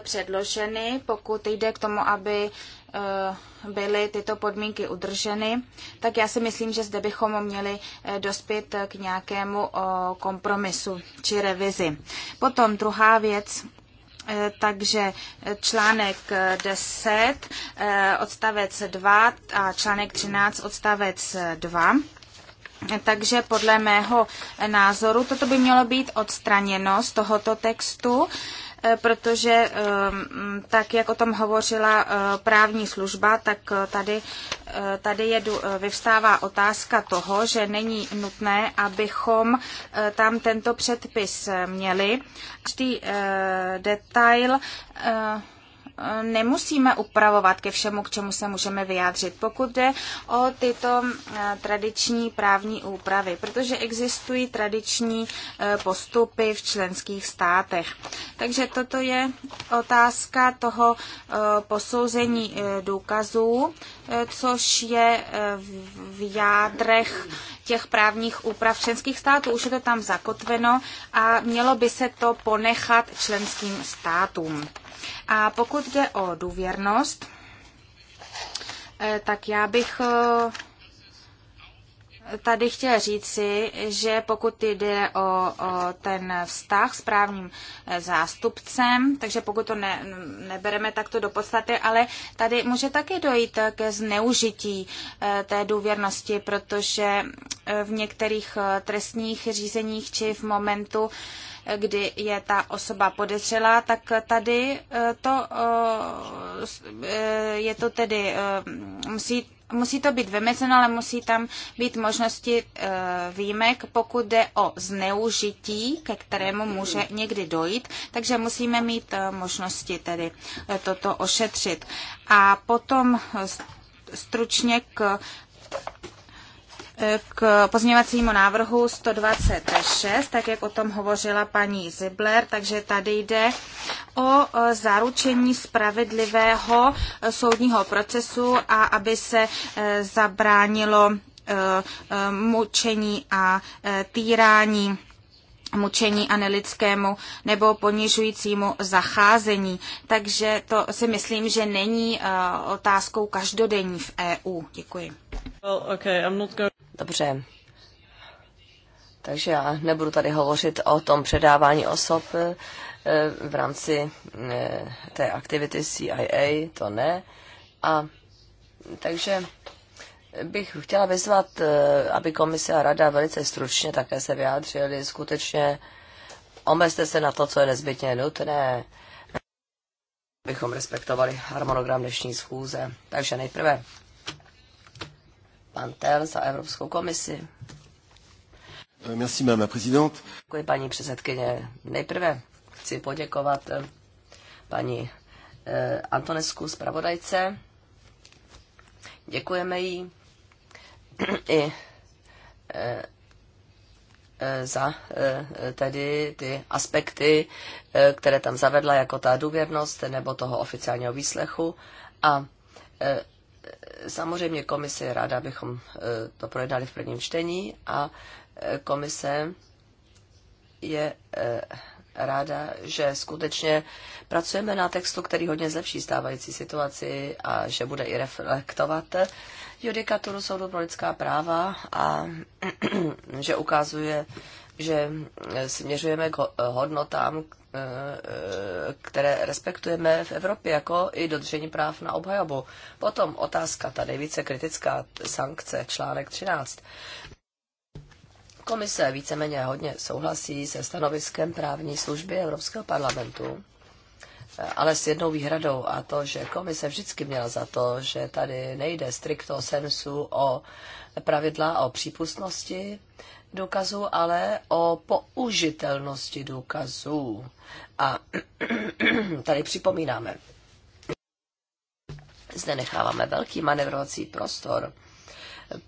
předloženy, pokud jde k tomu, aby Eh, byly tyto podmínky udrženy, tak já si myslím, že zde bychom měli eh, dospět eh, k nějakému kompromisu či revizi. Potom druhá věc, takže článek 10 odstavec 2 a článek 13 odstavec 2. Takže podle mého názoru toto by mělo být odstraněno z tohoto textu Eh, protože ehm, tak, jak o tom hovořila eh, právní služba, tak eh, tady, tady je, vyvstává otázka toho, že není nutné, abychom tam tento předpis měli. Každý detail nemusíme upravovat ke všemu, k čemu se můžeme vyjádřit, pokud jde o tyto eh, tradiční právní úpravy, protože existují tradiční eh, postupy v členských státech. Takže toto je otázka toho eh, posouzení důkazů, což je v jádrech těch právních úprav členských států. Už je to tam zakotveno a mělo by se to ponechat členským státům. A pokud jde o důvěrnost, eh, tak já bych eh, tady chtěl říci, že pokud jde o, o ten vztah s právním eh, zástupcem, takže pokud to ne, nebereme takto do podstaty, ale tady může také dojít ke zneužití eh, té důvěrnosti, protože eh, v některých trestních řízeních či v momentu, kdy je ta osoba podezřelá, tak tady to je to tedy musí musí to být vymezeno, ale musí tam být možnosti eh, výjimek, pokud jde o zneužití, ke kterému může někdy dojít, takže musíme mít eh, možnosti tedy eh, toto ošetřit. A potom stručně k k pozměňovacímu návrhu 126, tak jak o tom hovořila paní Zibler, takže tady jde o e, zaručení spravedlivého e, soudního procesu a aby se e, zabránilo mučení a týrání mučení a nelidskému nebo ponižujícímu zacházení. Takže to si myslím, že není otázkou každodenní v EU. Děkuji. Well, okay, I'm not going... Dobře. Takže já nebudu tady hovořit o tom předávání osob eh, v rámci eh, té aktivity CIA, to ne. A takže bych chtěla vyzvat, eh, aby komise a rada velice stručně také se vyjádřili. Skutečně omezte se na to, co je nezbytně nutné, abychom respektovali harmonogram dnešní schůze. Takže nejprve pan Tel za Evropskou komisi. Euh, merci, madame présidente. Děkuji, paní předsedkyně. Nejprve chci poděkovat eh, paní eh, Antonesku zpravodajce. Děkujeme jí i eh, za tedy ty aspekty, které tam zavedla, jako ta důvěrnost nebo toho oficiálního výslechu. A samozřejmě komise ráda, abychom e, to projednali v prvním čtení a e, komise je e, ráda, že skutečně pracujeme na textu, který hodně zlepší stávající situaci a že bude i reflektovat judikaturu soudu pro lidská práva a že ukazuje, že eh, směřujeme k hodnotám, eh, eh, které respektujeme v Evropě, jako i dodržení práv na obhajobu. Potom otázka, ta nejvíce kritická sankce, článek 13. Komise víceméně hodně souhlasí se stanoviskem právní služby Evropského parlamentu, ale s jednou výhradou a to, že komise vždycky měla za to, že tady nejde stricto sensu o pravidla o přípustnosti, důkazů, ale o použitelnosti důkazů. A tady připomínáme, zde necháváme velký manevrovací prostor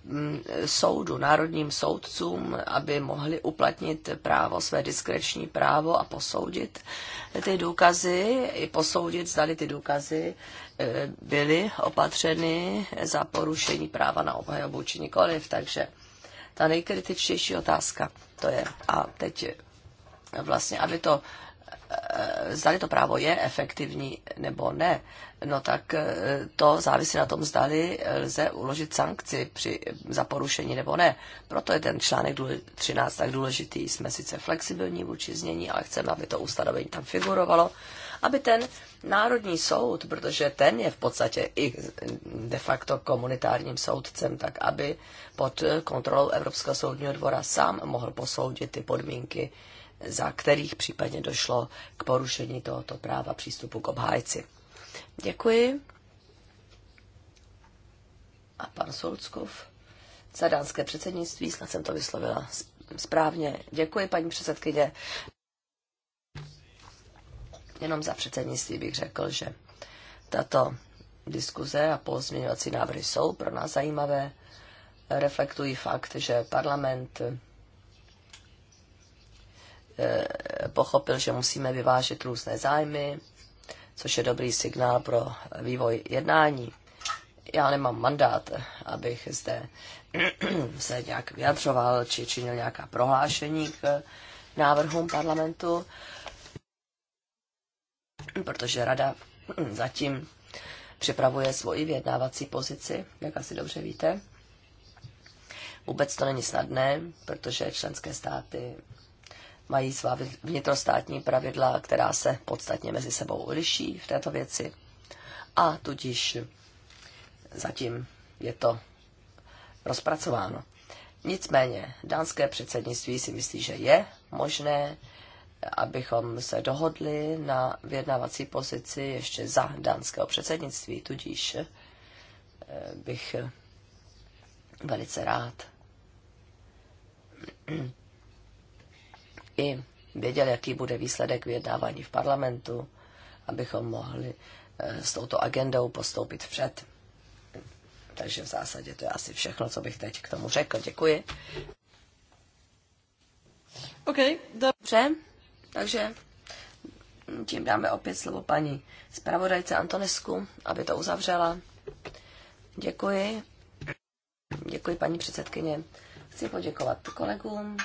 mm, soudu, národním soudcům, aby mohli uplatnit právo, své diskreční právo a posoudit ty důkazy, i posoudit, zda ty důkazy eh, byly opatřeny za porušení práva na obhajobu či nikoliv. Takže ta nejkritičtější otázka. To je, a teď vlastně, aby to, eh, zdali to právo je efektivní nebo ne, no tak eh, to závisí na tom, zdali lze uložit sankci při, za porušení nebo ne. Proto je ten článek 13 tak důležitý. Jsme sice flexibilní vůči znění, ale chceme, aby to ustanovení tam figurovalo aby ten Národní soud, protože ten je v podstatě i de facto komunitárním soudcem, tak aby pod kontrolou Evropského soudního dvora sám mohl posoudit ty podmínky, za kterých případně došlo k porušení tohoto práva přístupu k obhájci. Děkuji. A pan Solckov za dánské předsednictví, snad jsem to vyslovila správně. Děkuji, paní předsedkyně. Jenom za předsednictví bych řekl, že tato diskuze a pozměňovací návrhy jsou pro nás zajímavé. Reflektují fakt, že parlament eh, pochopil, že musíme vyvážit různé zájmy, což je dobrý signál pro vývoj jednání. Já nemám mandát, abych zde se nějak vyjadřoval či činil nějaká prohlášení k návrhům parlamentu protože rada zatím připravuje svoji vyjednávací pozici, jak asi dobře víte. Vůbec to není snadné, protože členské státy mají svá vnitrostátní pravidla, která se podstatně mezi sebou liší v této věci. A tudíž zatím je to rozpracováno. Nicméně dánské předsednictví si myslí, že je možné abychom se dohodli na vyjednávací pozici ještě za dánského předsednictví, tudíž eh, bych velice rád i věděl, jaký bude výsledek vyjednávání v parlamentu, abychom mohli eh, s touto agendou postoupit vpřed. Takže v zásadě to je asi všechno, co bych teď k tomu řekl. Děkuji. the- dobře. Takže tím dáme opět slovo paní zpravodajce Antonesku, aby to uzavřela. Děkuji. Děkuji, paní předsedkyně. Chci poděkovat kolegům,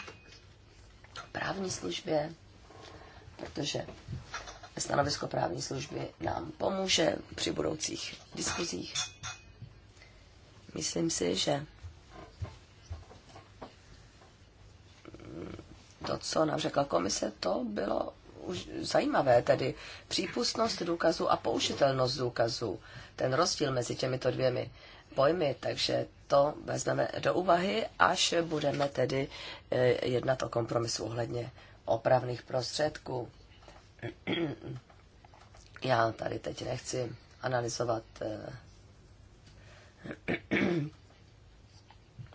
právní službě, protože stanovisko právní služby nám pomůže při budoucích diskuzích. Myslím si, že co nám řekla komise, to bylo už zajímavé, tedy přípustnost důkazu a použitelnost důkazu. Ten rozdíl mezi těmito dvěmi pojmy, takže to vezmeme do úvahy, až budeme tedy eh, jednat o kompromisu ohledně opravných prostředků. Já tady teď nechci analyzovat eh,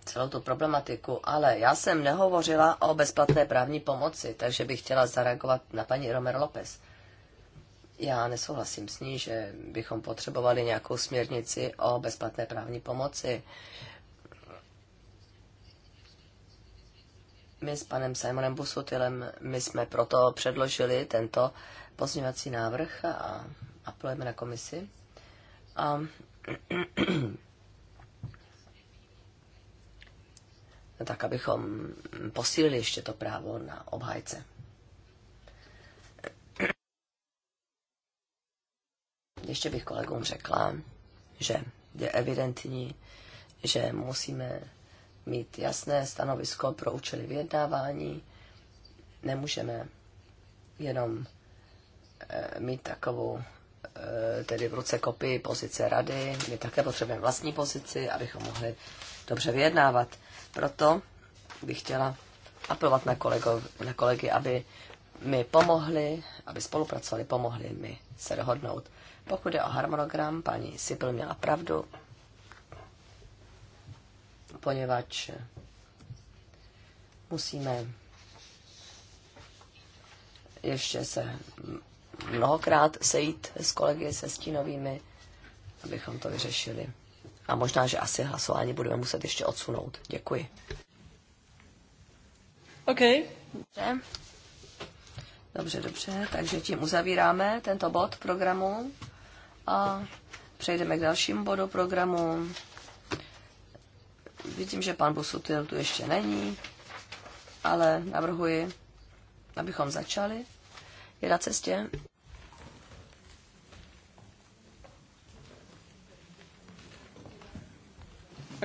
celou tu problematiku, ale já jsem nehovořila o bezplatné právní pomoci, takže bych chtěla zareagovat na paní Romer Lopez. Já nesouhlasím s ní, že bychom potřebovali nějakou směrnici o bezplatné právní pomoci. My s panem Simonem Busutilem, my jsme proto předložili tento pozměňovací návrh a apelujeme na komisi. A tak abychom posílili ještě to právo na obhájce. Ještě bych kolegům řekla, že je evidentní, že musíme mít jasné stanovisko pro účely vyjednávání. Nemůžeme jenom eh, mít takovou eh, tedy v ruce kopii pozice rady. My také potřebujeme vlastní pozici, abychom mohli dobře vyjednávat. Proto bych chtěla apelovat na, kolego, na kolegy, aby mi pomohli, aby spolupracovali, pomohli mi se dohodnout. Pokud je o harmonogram, paní Sipl měla pravdu, poněvadž musíme ještě se mnohokrát sejít s kolegy, se stínovými, abychom to vyřešili a možná, že asi hlasování budeme muset ještě odsunout. Děkuji. OK. Dobře. Dobře, dobře. Takže tím uzavíráme tento bod programu a přejdeme k dalšímu bodu programu. Vidím, že pan Busutil tu ještě není, ale navrhuji, abychom začali. Je na cestě.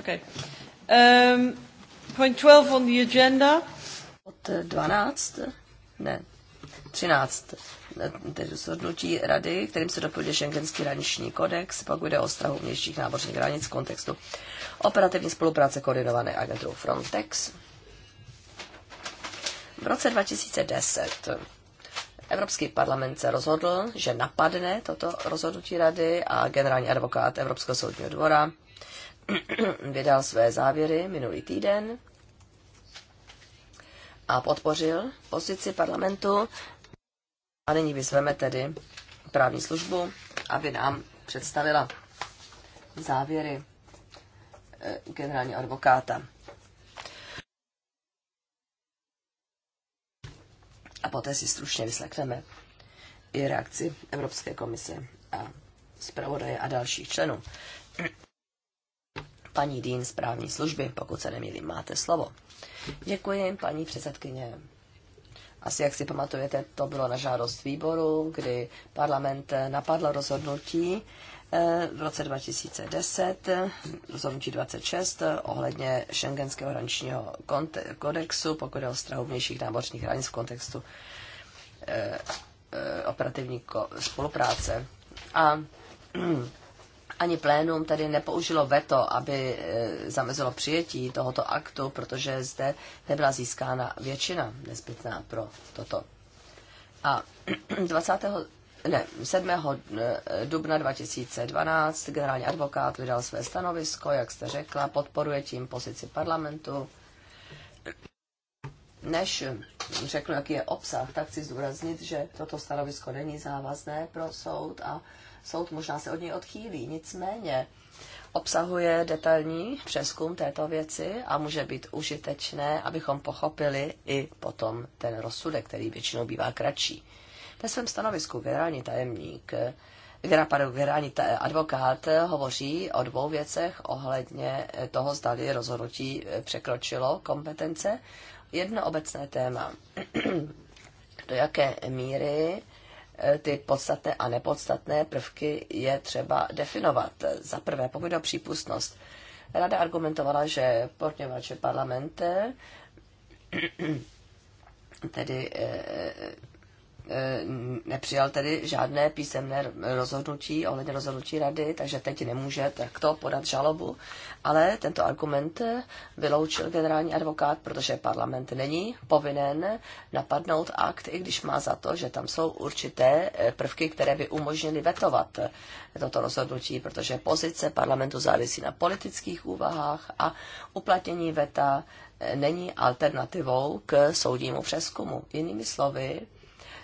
Okay. Um, point 12 on the agenda. Od 12? Ne, 13 tedy rozhodnutí rady, kterým se doplňuje šengenský hraniční kodex, pak jde o strahu vnějších námořních hranic v kontextu operativní spolupráce koordinované agenturou Frontex. V roce 2010 Evropský parlament se rozhodl, že napadne toto rozhodnutí rady a generální advokát Evropského soudního dvora vydal své závěry minulý týden a podpořil pozici parlamentu. A nyní vyzveme tedy právní službu, aby nám představila závěry eh, generální advokáta. A poté si stručně vyslechneme i reakci Evropské komise a zpravodaje a dalších členů. Paní Dín z právní služby, pokud se nemýlím, máte slovo. Děkuji, paní předsedkyně. Asi jak si pamatujete, to bylo na žádost výboru, kdy parlament napadl rozhodnutí eh, v roce 2010, rozhodnutí 26 eh, ohledně šengenského hraničního kodexu, pokud je o strahu vnějších nábořních hranic v kontextu eh, operativní spolupráce. A hm, ani plénum tedy nepoužilo veto, aby e, zamezilo přijetí tohoto aktu, protože zde nebyla získána většina nezbytná pro toto. A 20. Ne, 7. E, dubna 2012 generální advokát vydal své stanovisko, jak jste řekla, podporuje tím pozici parlamentu než řeknu, jaký je obsah, tak chci zdůraznit, že toto stanovisko není závazné pro soud a soud možná se od něj odchýlí. Nicméně obsahuje detailní přeskum této věci a může být užitečné, abychom pochopili i potom ten rozsudek, který většinou bývá kratší. Ve svém stanovisku generální tajemník generální advokát hovoří o dvou věcech ohledně toho, zda rozhodnutí překročilo kompetence jedno obecné téma. Do jaké míry eh, ty podstatné a nepodstatné prvky je třeba definovat. Za prvé, pokud o přípustnost. Rada argumentovala, že poněvadž parlamente, eh, tedy eh, Eh, nepřijal tedy žádné písemné rozhodnutí ohledně rozhodnutí rady, takže teď nemůže takto podat žalobu. Ale tento argument vyloučil generální advokát, protože parlament není povinen napadnout akt, i když má za to, že tam jsou určité eh, prvky, které by umožnily vetovat eh, toto rozhodnutí, protože pozice parlamentu závisí na politických úvahách a uplatnění veta není alternativou k soudnímu přeskumu. Jinými slovy,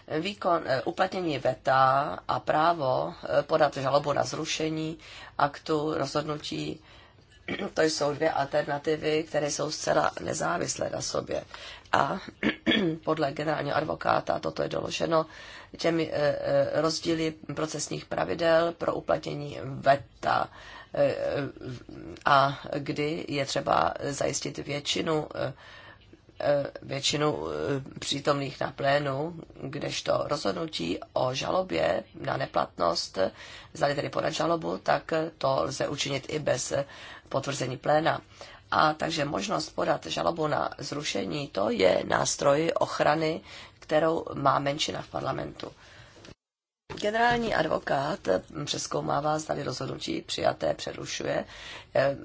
výkon, eh, uplatnění VETA a právo eh, podat žalobu na zrušení aktu rozhodnutí, to jsou dvě alternativy, které jsou zcela nezávislé na sobě. A podle generálního advokáta toto je doloženo těmi eh, rozdíly procesních pravidel pro uplatnění VETA a kdy je třeba zajistit většinu Eh, většinu eh, přítomných na plénu, kdežto rozhodnutí o žalobě na neplatnost, zda tedy podat žalobu, tak to lze učinit i bez potvrzení pléna. A takže možnost podat žalobu na zrušení, to je nástroj ochrany, kterou má menšina v parlamentu. Generální advokát přeskoumává, zda rozhodnutí přijaté přerušuje eh,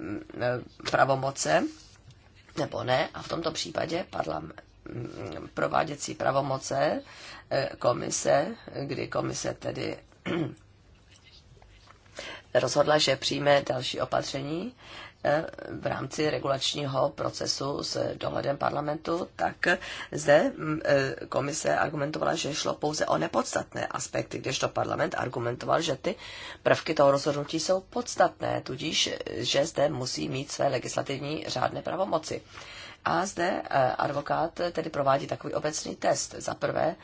pravomoce nebo ne, a v tomto případě padla mm, prováděcí pravomoce eh, komise, kdy komise tedy rozhodla, že přijme další opatření eh, v rámci regulačního procesu s dohledem parlamentu, tak zde mm, eh, komise argumentovala, že šlo pouze o nepodstatné aspekty, kdežto parlament argumentoval, že ty prvky toho rozhodnutí jsou podstatné, tudíž, eh, že zde musí mít své legislativní řádné pravomoci. A zde advokát tedy provádí takový obecný test. Za prvé,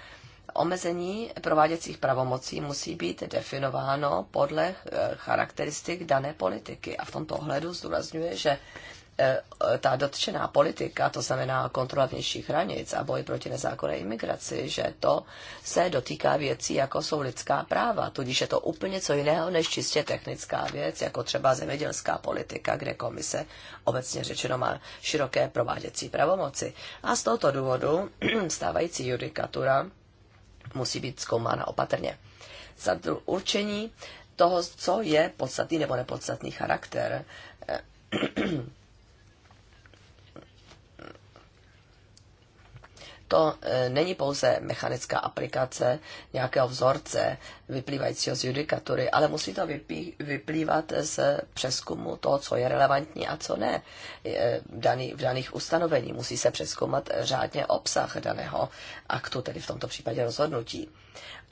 Omezení prováděcích pravomocí musí být definováno podle eh, charakteristik dané politiky. A v tomto ohledu zdůrazňuje, že eh, eh, ta dotčená politika, to znamená kontrola vnějších hranic a boj proti nezákonné imigraci, že to se dotýká věcí, jako jsou lidská práva. Tudíž je to úplně co jiného než čistě technická věc, jako třeba zemědělská politika, kde komise obecně řečeno má široké prováděcí pravomoci. A z tohoto důvodu stávající judikatura musí být zkoumána opatrně. Za určení toho, co je podstatný nebo nepodstatný charakter eh, to e, není pouze mechanická aplikace nějakého vzorce vyplývajícího z judikatury, ale musí to vyplývat z přeskumu toho, co je relevantní a co ne e, daný, v daných ustanovení. Musí se přeskoumat řádně obsah daného aktu, tedy v tomto případě rozhodnutí.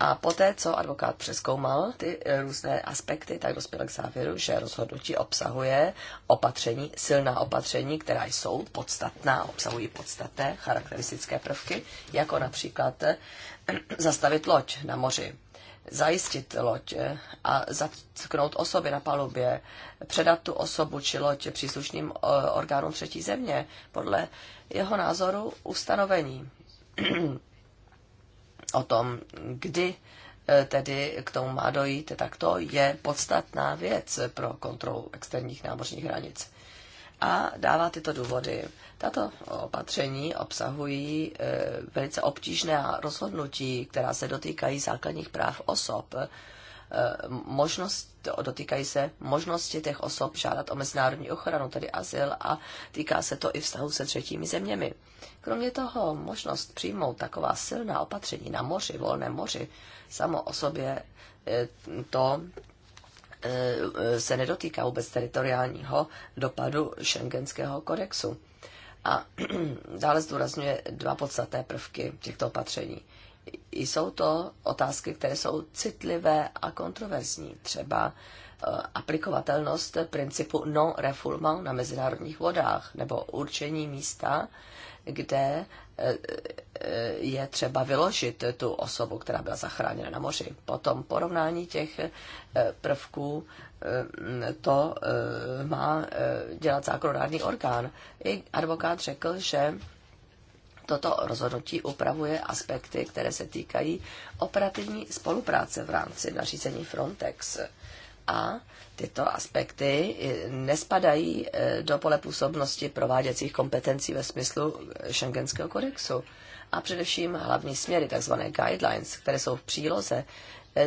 A poté, co advokát přeskoumal ty eh, různé aspekty, tak dospěl k závěru, že rozhodnutí obsahuje opatření, silná opatření, která jsou podstatná, obsahují podstatné charakteristické prvky, jako například eh, zastavit loď na moři, zajistit loď eh, a zatknout osoby na palubě, předat tu osobu či loď příslušným orgánům třetí země podle jeho názoru ustanovení. o tom, kdy eh, tedy k tomu má dojít, tak to je podstatná věc pro kontrolu externích námořních hranic. A dává tyto důvody. Tato opatření obsahují eh, velice obtížná rozhodnutí, která se dotýkají základních práv osob, Eh, možnost, dotýkají se možnosti těch osob žádat o mezinárodní ochranu, tedy azyl, a týká se to i vztahu se třetími zeměmi. Kromě toho možnost přijmout taková silná opatření na moři, volné moři, samo o sobě eh, to eh, se nedotýká vůbec teritoriálního dopadu šengenského kodexu. A dále zdůrazňuje dva podstatné prvky těchto opatření jsou to otázky, které jsou citlivé a kontroverzní. Třeba eh, aplikovatelnost principu non refoulement na mezinárodních vodách nebo určení místa, kde eh, eh, je třeba vyložit tu osobu, která byla zachráněna na moři. Potom porovnání těch prvků to má dělat zákonodárný orgán. I advokát řekl, že Toto rozhodnutí upravuje aspekty, které se týkají operativní spolupráce v rámci nařízení Frontex. A tyto aspekty nespadají e, do pole působnosti prováděcích kompetencí ve smyslu e, Schengenského kodexu. A především hlavní směry, tzv. guidelines, které jsou v příloze,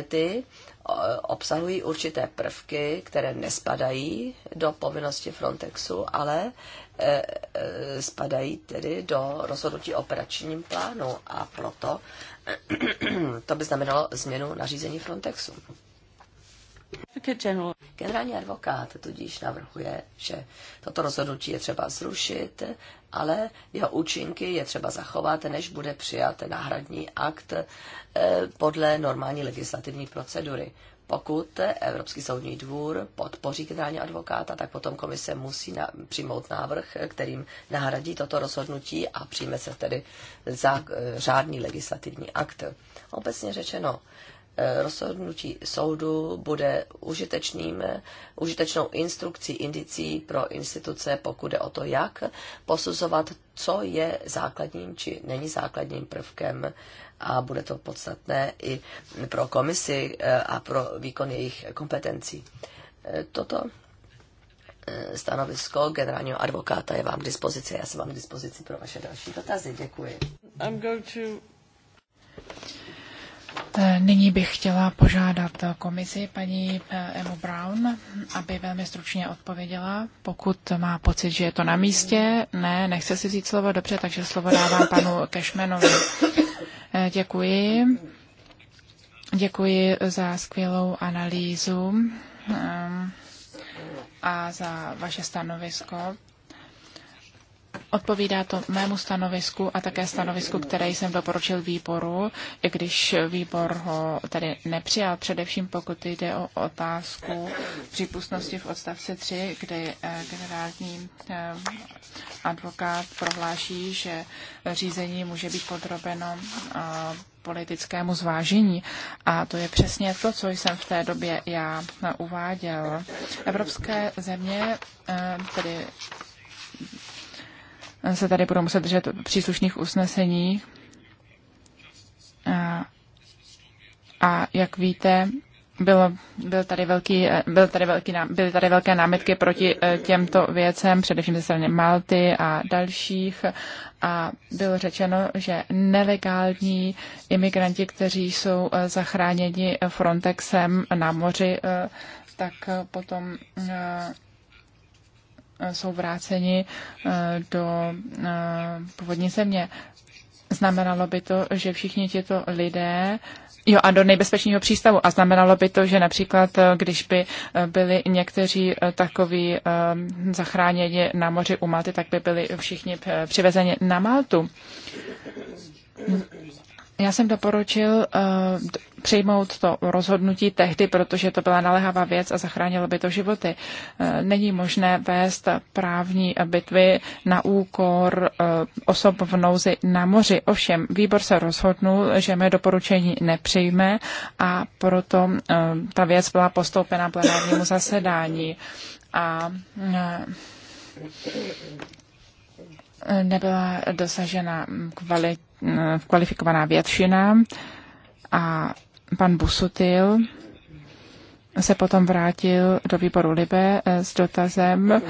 ty eh, obsahují určité prvky, které nespadají do povinnosti Frontexu, ale eh, eh, spadají tedy do rozhodnutí operačním plánu a proto to by znamenalo změnu nařízení Frontexu. Generální advokát tudíž navrhuje, že toto rozhodnutí je třeba zrušit, ale jeho účinky je třeba zachovat, než bude přijat náhradní akt eh, podle normální legislativní procedury. Pokud Evropský soudní dvůr podpoří generálního advokáta, tak potom komise musí na, přijmout návrh, kterým nahradí toto rozhodnutí a přijme se tedy za, eh, řádný legislativní akt. Obecně řečeno, Eh, rozhodnutí soudu bude užitečným, eh, užitečnou instrukcí, indicí pro instituce, pokud je o to, jak posuzovat, co je základním či není základním prvkem a bude to podstatné i pro komisi eh, a pro výkon jejich kompetencí. Toto stanovisko generálního advokáta je vám k dispozici. Já jsem vám k dispozici pro vaše další dotazy. Děkuji. I'm going to... Eh, nyní bych chtěla požádat eh, komisi paní eh, Emu Brown, aby velmi stručně odpověděla, pokud má pocit, že je to na místě. Ne, nechce si vzít slovo, dobře, takže slovo dávám panu Kešmenovi. Děkuji. Děkuji za skvělou analýzu a za vaše stanovisko Odpovídá to mému stanovisku a také stanovisku, které jsem doporučil výboru, i když výbor ho tady nepřijal, především pokud jde o otázku přípustnosti v odstavci 3, kdy eh, generální eh, advokát prohláší, že řízení může být podrobeno eh, politickému zvážení. A to je přesně to, co jsem v té době já uváděl. Evropské země, tedy se tady budou muset držet příslušných usnesení. A, a jak víte, byl, byl, tady velký, eh, byl tady velký, byly tady velké námitky proti eh, těmto věcem, především ze strany Malty a dalších. A bylo řečeno, že nelegální imigranti, kteří jsou eh, zachráněni Frontexem na moři, tak potom jsou vráceni eh, do eh, původní země. Znamenalo by to, že všichni těto lidé Jo, a do nejbezpečnějšího přístavu. A znamenalo by to, že například, eh, když by byli někteří takoví zachráněni na moři u Malty, tak by byli všichni přivezeni na Maltu já jsem doporučil uh, přijmout to rozhodnutí tehdy, protože to byla naléhavá věc a zachránilo by to životy. Uh, není možné vést právní bitvy na úkor uh, osob v nouzi na moři. Ovšem, výbor se rozhodnul, že mé doporučení nepřijme a proto uh, ta věc byla postoupena plenárnímu zasedání. A uh, nebyla dosažena kvalit Eh, kvalifikovaná většina a pan Busutil se potom vrátil do výboru Libe eh, s dotazem eh,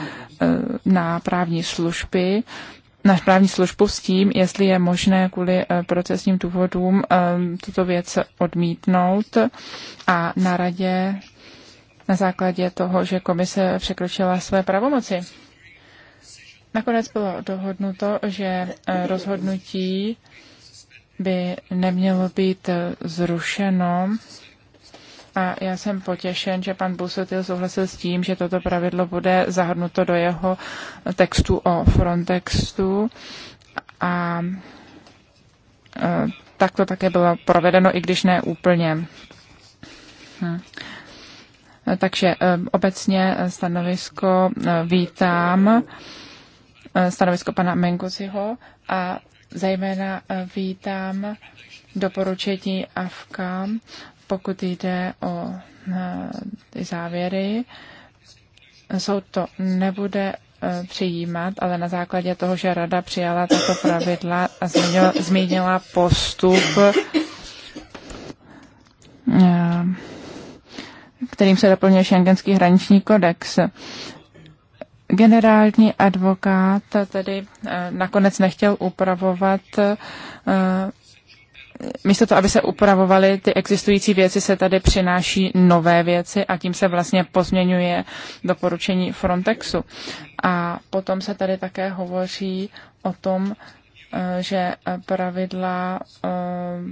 na právní služby, na právní službu s tím, jestli je možné kvůli procesním důvodům tuto věc odmítnout a na radě na základě toho, že komise překročila své pravomoci. Nakonec bylo dohodnuto, že e, rozhodnutí by nemělo být e, zrušeno. A já jsem potěšen, že pan Busotil souhlasil s tím, že toto pravidlo bude zahrnuto do jeho textu o Frontextu. A e, tak to také bylo provedeno, i když ne úplně. Hm. Takže obecně stanovisko vítám. Eh, stanovisko pana Menguziho a zejména eh, vítám doporučení AFKA, pokud jde o eh, ty závěry. Soud to nebude přijímat, ale na základě toho, že rada přijala tato pravidla a zmínila, zmínila postup, kterým se doplňuje šengenský hraniční kodex generální advokát tedy eh, nakonec nechtěl upravovat eh, místo toho, aby se upravovaly ty existující věci, se tady přináší nové věci a tím se vlastně pozměňuje doporučení Frontexu. A potom se tady také hovoří o tom, eh, že pravidla,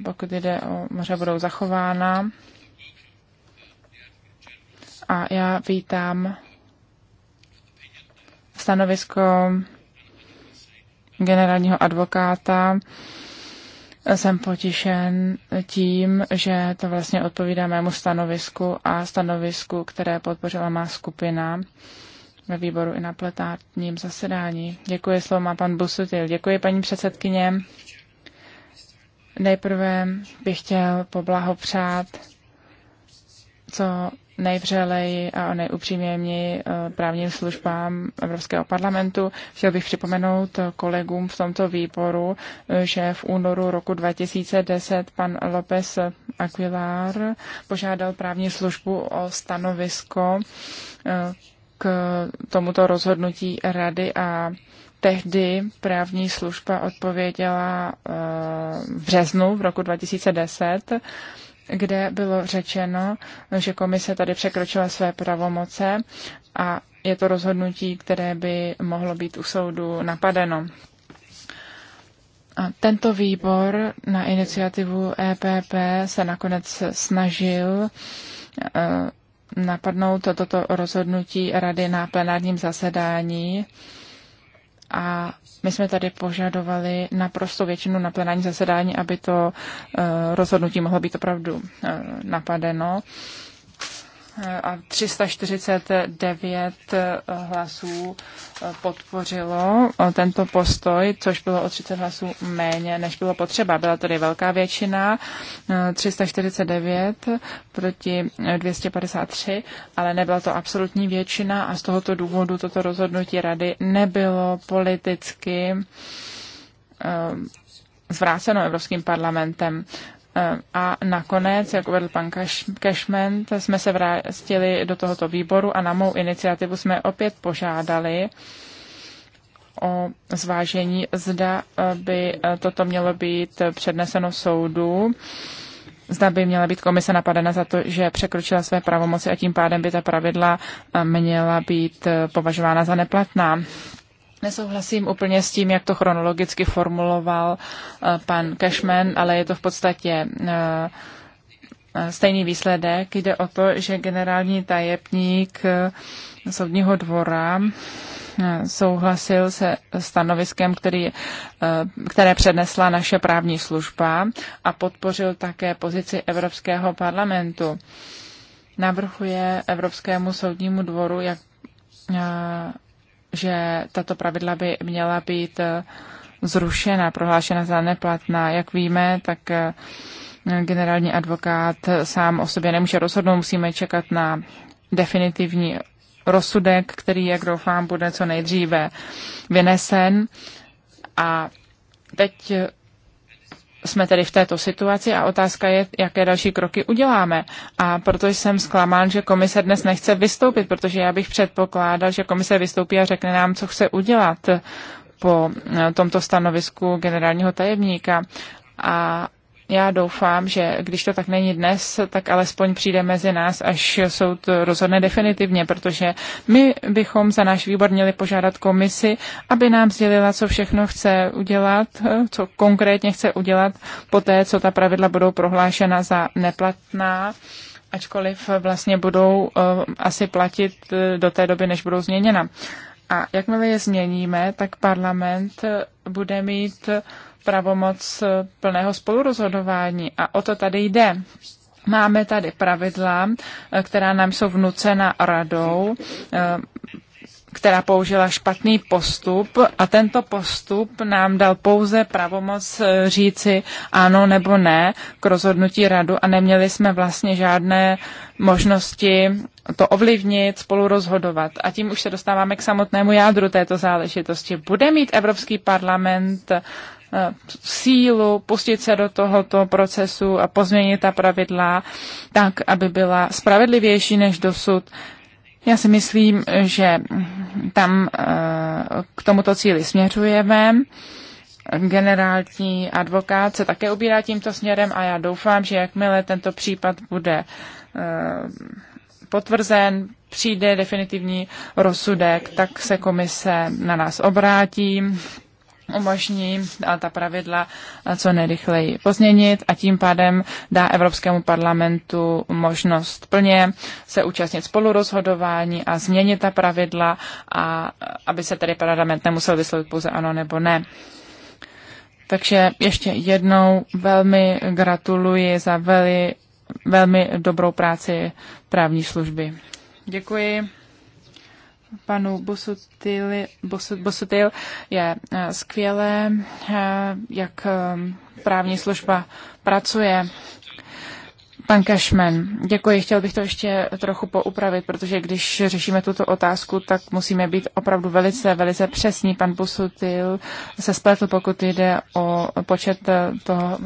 pokud jde o moře, budou zachována. A já vítám stanovisko generálního advokáta jsem potišen tím, že to vlastně odpovídá mému stanovisku a stanovisku, které podpořila má skupina ve výboru i na pletátním zasedání. Děkuji, slovo má pan Busutil. Děkuji, paní předsedkyně. Nejprve bych chtěl poblahopřát co nejvřeleji a nejupřímněji eh, právním službám Evropského parlamentu. Chtěl bych připomenout eh, kolegům v tomto výboru, eh, že v únoru roku 2010 pan López Aguilar požádal právní službu o stanovisko k tomuto rozhodnutí rady a tehdy právní služba odpověděla v březnu v roku 2010 kde bylo řečeno, že komise tady překročila své pravomoce a je to rozhodnutí, které by mohlo být u soudu napadeno. A tento výbor na iniciativu EPP se nakonec snažil eh, napadnout toto rozhodnutí rady na plenárním zasedání a my jsme tady požadovali naprosto většinu na plenární zasedání, aby to eh, rozhodnutí mohlo být opravdu eh, napadeno a 349 eh, hlasů eh, podpořilo eh, tento postoj, což bylo o 30 hlasů méně, než bylo potřeba. Byla tedy velká většina, 349 proti 253, ale nebyla to absolutní většina a z tohoto důvodu toto rozhodnutí rady nebylo politicky zvráceno Evropským parlamentem. A nakonec, jak uvedl pan Cashman, jsme se vrátili do tohoto výboru a na mou iniciativu jsme opět požádali o zvážení, zda by toto mělo být předneseno soudu, zda by měla být komise napadena za to, že překročila své pravomoci a tím pádem by ta pravidla měla být považována za neplatná. Nesouhlasím úplně s tím, jak to chronologicky formuloval eh, pan Cashman, ale je to v podstatě eh, eh, stejný výsledek. Jde o to, že generální tajepník soudního dvora souhlasil se stanoviskem, který, které přednesla naše právní služba a podpořil také pozici Evropského parlamentu. Navrhuje Evropskému soudnímu dvoru, jak že tato pravidla by měla být eh, zrušena, prohlášena za neplatná. Jak víme, tak eh, generální advokát sám o sobě nemůže rozhodnout, musíme čekat na definitivní rozsudek, který, jak doufám, bude co nejdříve vynesen. A teď eh, jsme tedy v této situaci a otázka je, jaké další kroky uděláme. A proto jsem zklamán, že komise dnes nechce vystoupit, protože já bych předpokládal, že komise vystoupí a řekne nám, co chce udělat po eh, tomto stanovisku generálního tajemníka. A já doufám, že když to tak není dnes, tak alespoň přijde mezi nás, až soud rozhodne definitivně, protože my bychom za náš výbor měli požádat komisi, aby nám sdělila, co všechno chce udělat, co konkrétně chce udělat po té, co ta pravidla budou prohlášena za neplatná ačkoliv vlastně budou uh, asi platit eh, do té doby, než budou změněna. A jakmile je změníme, tak parlament eh, bude mít pravomoc eh, plného spolurozhodování a o to tady jde. Máme tady pravidla, eh, která nám jsou vnucena radou, eh, která použila špatný postup a tento postup nám dal pouze pravomoc říci ano nebo ne k rozhodnutí radu a neměli jsme vlastně žádné možnosti to ovlivnit, spolu rozhodovat. A tím už se dostáváme k samotnému jádru této záležitosti. Bude mít Evropský parlament sílu pustit se do tohoto procesu a pozměnit ta pravidla tak, aby byla spravedlivější než dosud. Já si myslím, že tam eh, k tomuto cíli směřujeme. Generální advokát se také ubírá tímto směrem a já doufám, že jakmile tento případ bude eh, potvrzen, přijde definitivní rozsudek, tak se komise na nás obrátí umožní ta pravidla co nejrychleji pozměnit a tím pádem dá Evropskému parlamentu možnost plně se účastnit spolurozhodování a změnit ta pravidla, a aby se tedy parlament nemusel vyslovit pouze ano nebo ne. Takže ještě jednou velmi gratuluji za veli, velmi dobrou práci právní služby. Děkuji panu Bosutil, Bosutil je eh, skvělé, eh, jak eh, právní služba pracuje. Pan Cashman, děkuji. Chtěl bych to ještě trochu poupravit, protože když řešíme tuto otázku, tak musíme být opravdu velice, velice přesní. Pan Busutil se spletl, pokud jde o počet toho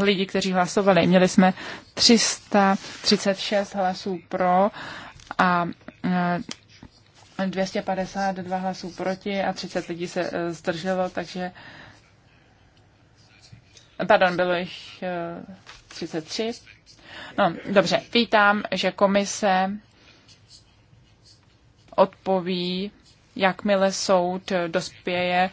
lidí, kteří hlasovali. Měli jsme 336 hlasů pro a 252 hlasů proti a 30 lidí se eh, zdrželo, takže pardon, bylo jich 33. Eh, no, dobře, vítám, že komise odpoví, jakmile soud dospěje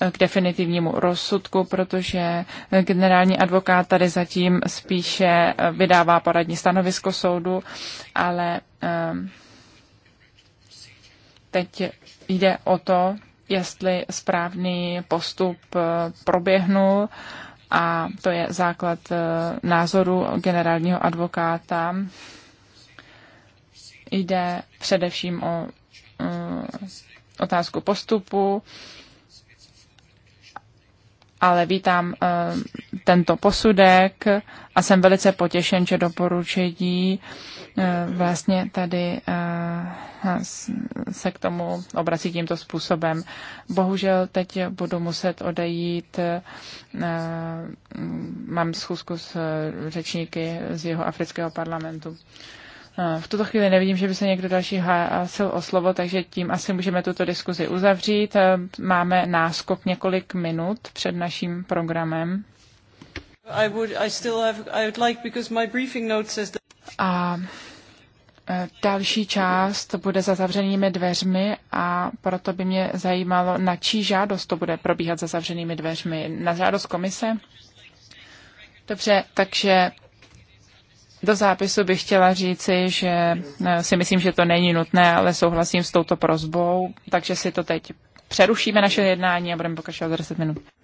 eh, k definitivnímu rozsudku, protože generální advokát tady zatím spíše vydává poradní stanovisko soudu, ale um, Teď jde o to, jestli správný postup eh, proběhnul a to je základ eh, názoru generálního advokáta. Jde především o eh, otázku postupu, ale vítám eh, tento posudek a jsem velice potěšen, že doporučení eh, vlastně tady eh, se k tomu obrací tímto způsobem. Bohužel teď budu muset odejít. Mm, mám schůzku s řečníky z jeho afrického parlamentu. Eh, v tuto chvíli nevidím, že by se někdo další hlásil o slovo, takže tím asi můžeme tuto diskuzi uzavřít. Eh, máme náskok několik minut před naším programem. A eh, Další část bude za zavřenými dveřmi a proto by mě zajímalo, na čí žádost to bude probíhat za zavřenými dveřmi. Na žádost komise? Dobře, takže do zápisu bych chtěla říci, že eh, si myslím, že to není nutné, ale souhlasím s touto prozbou, takže si to teď přerušíme naše jednání a budeme pokračovat za 10 minut.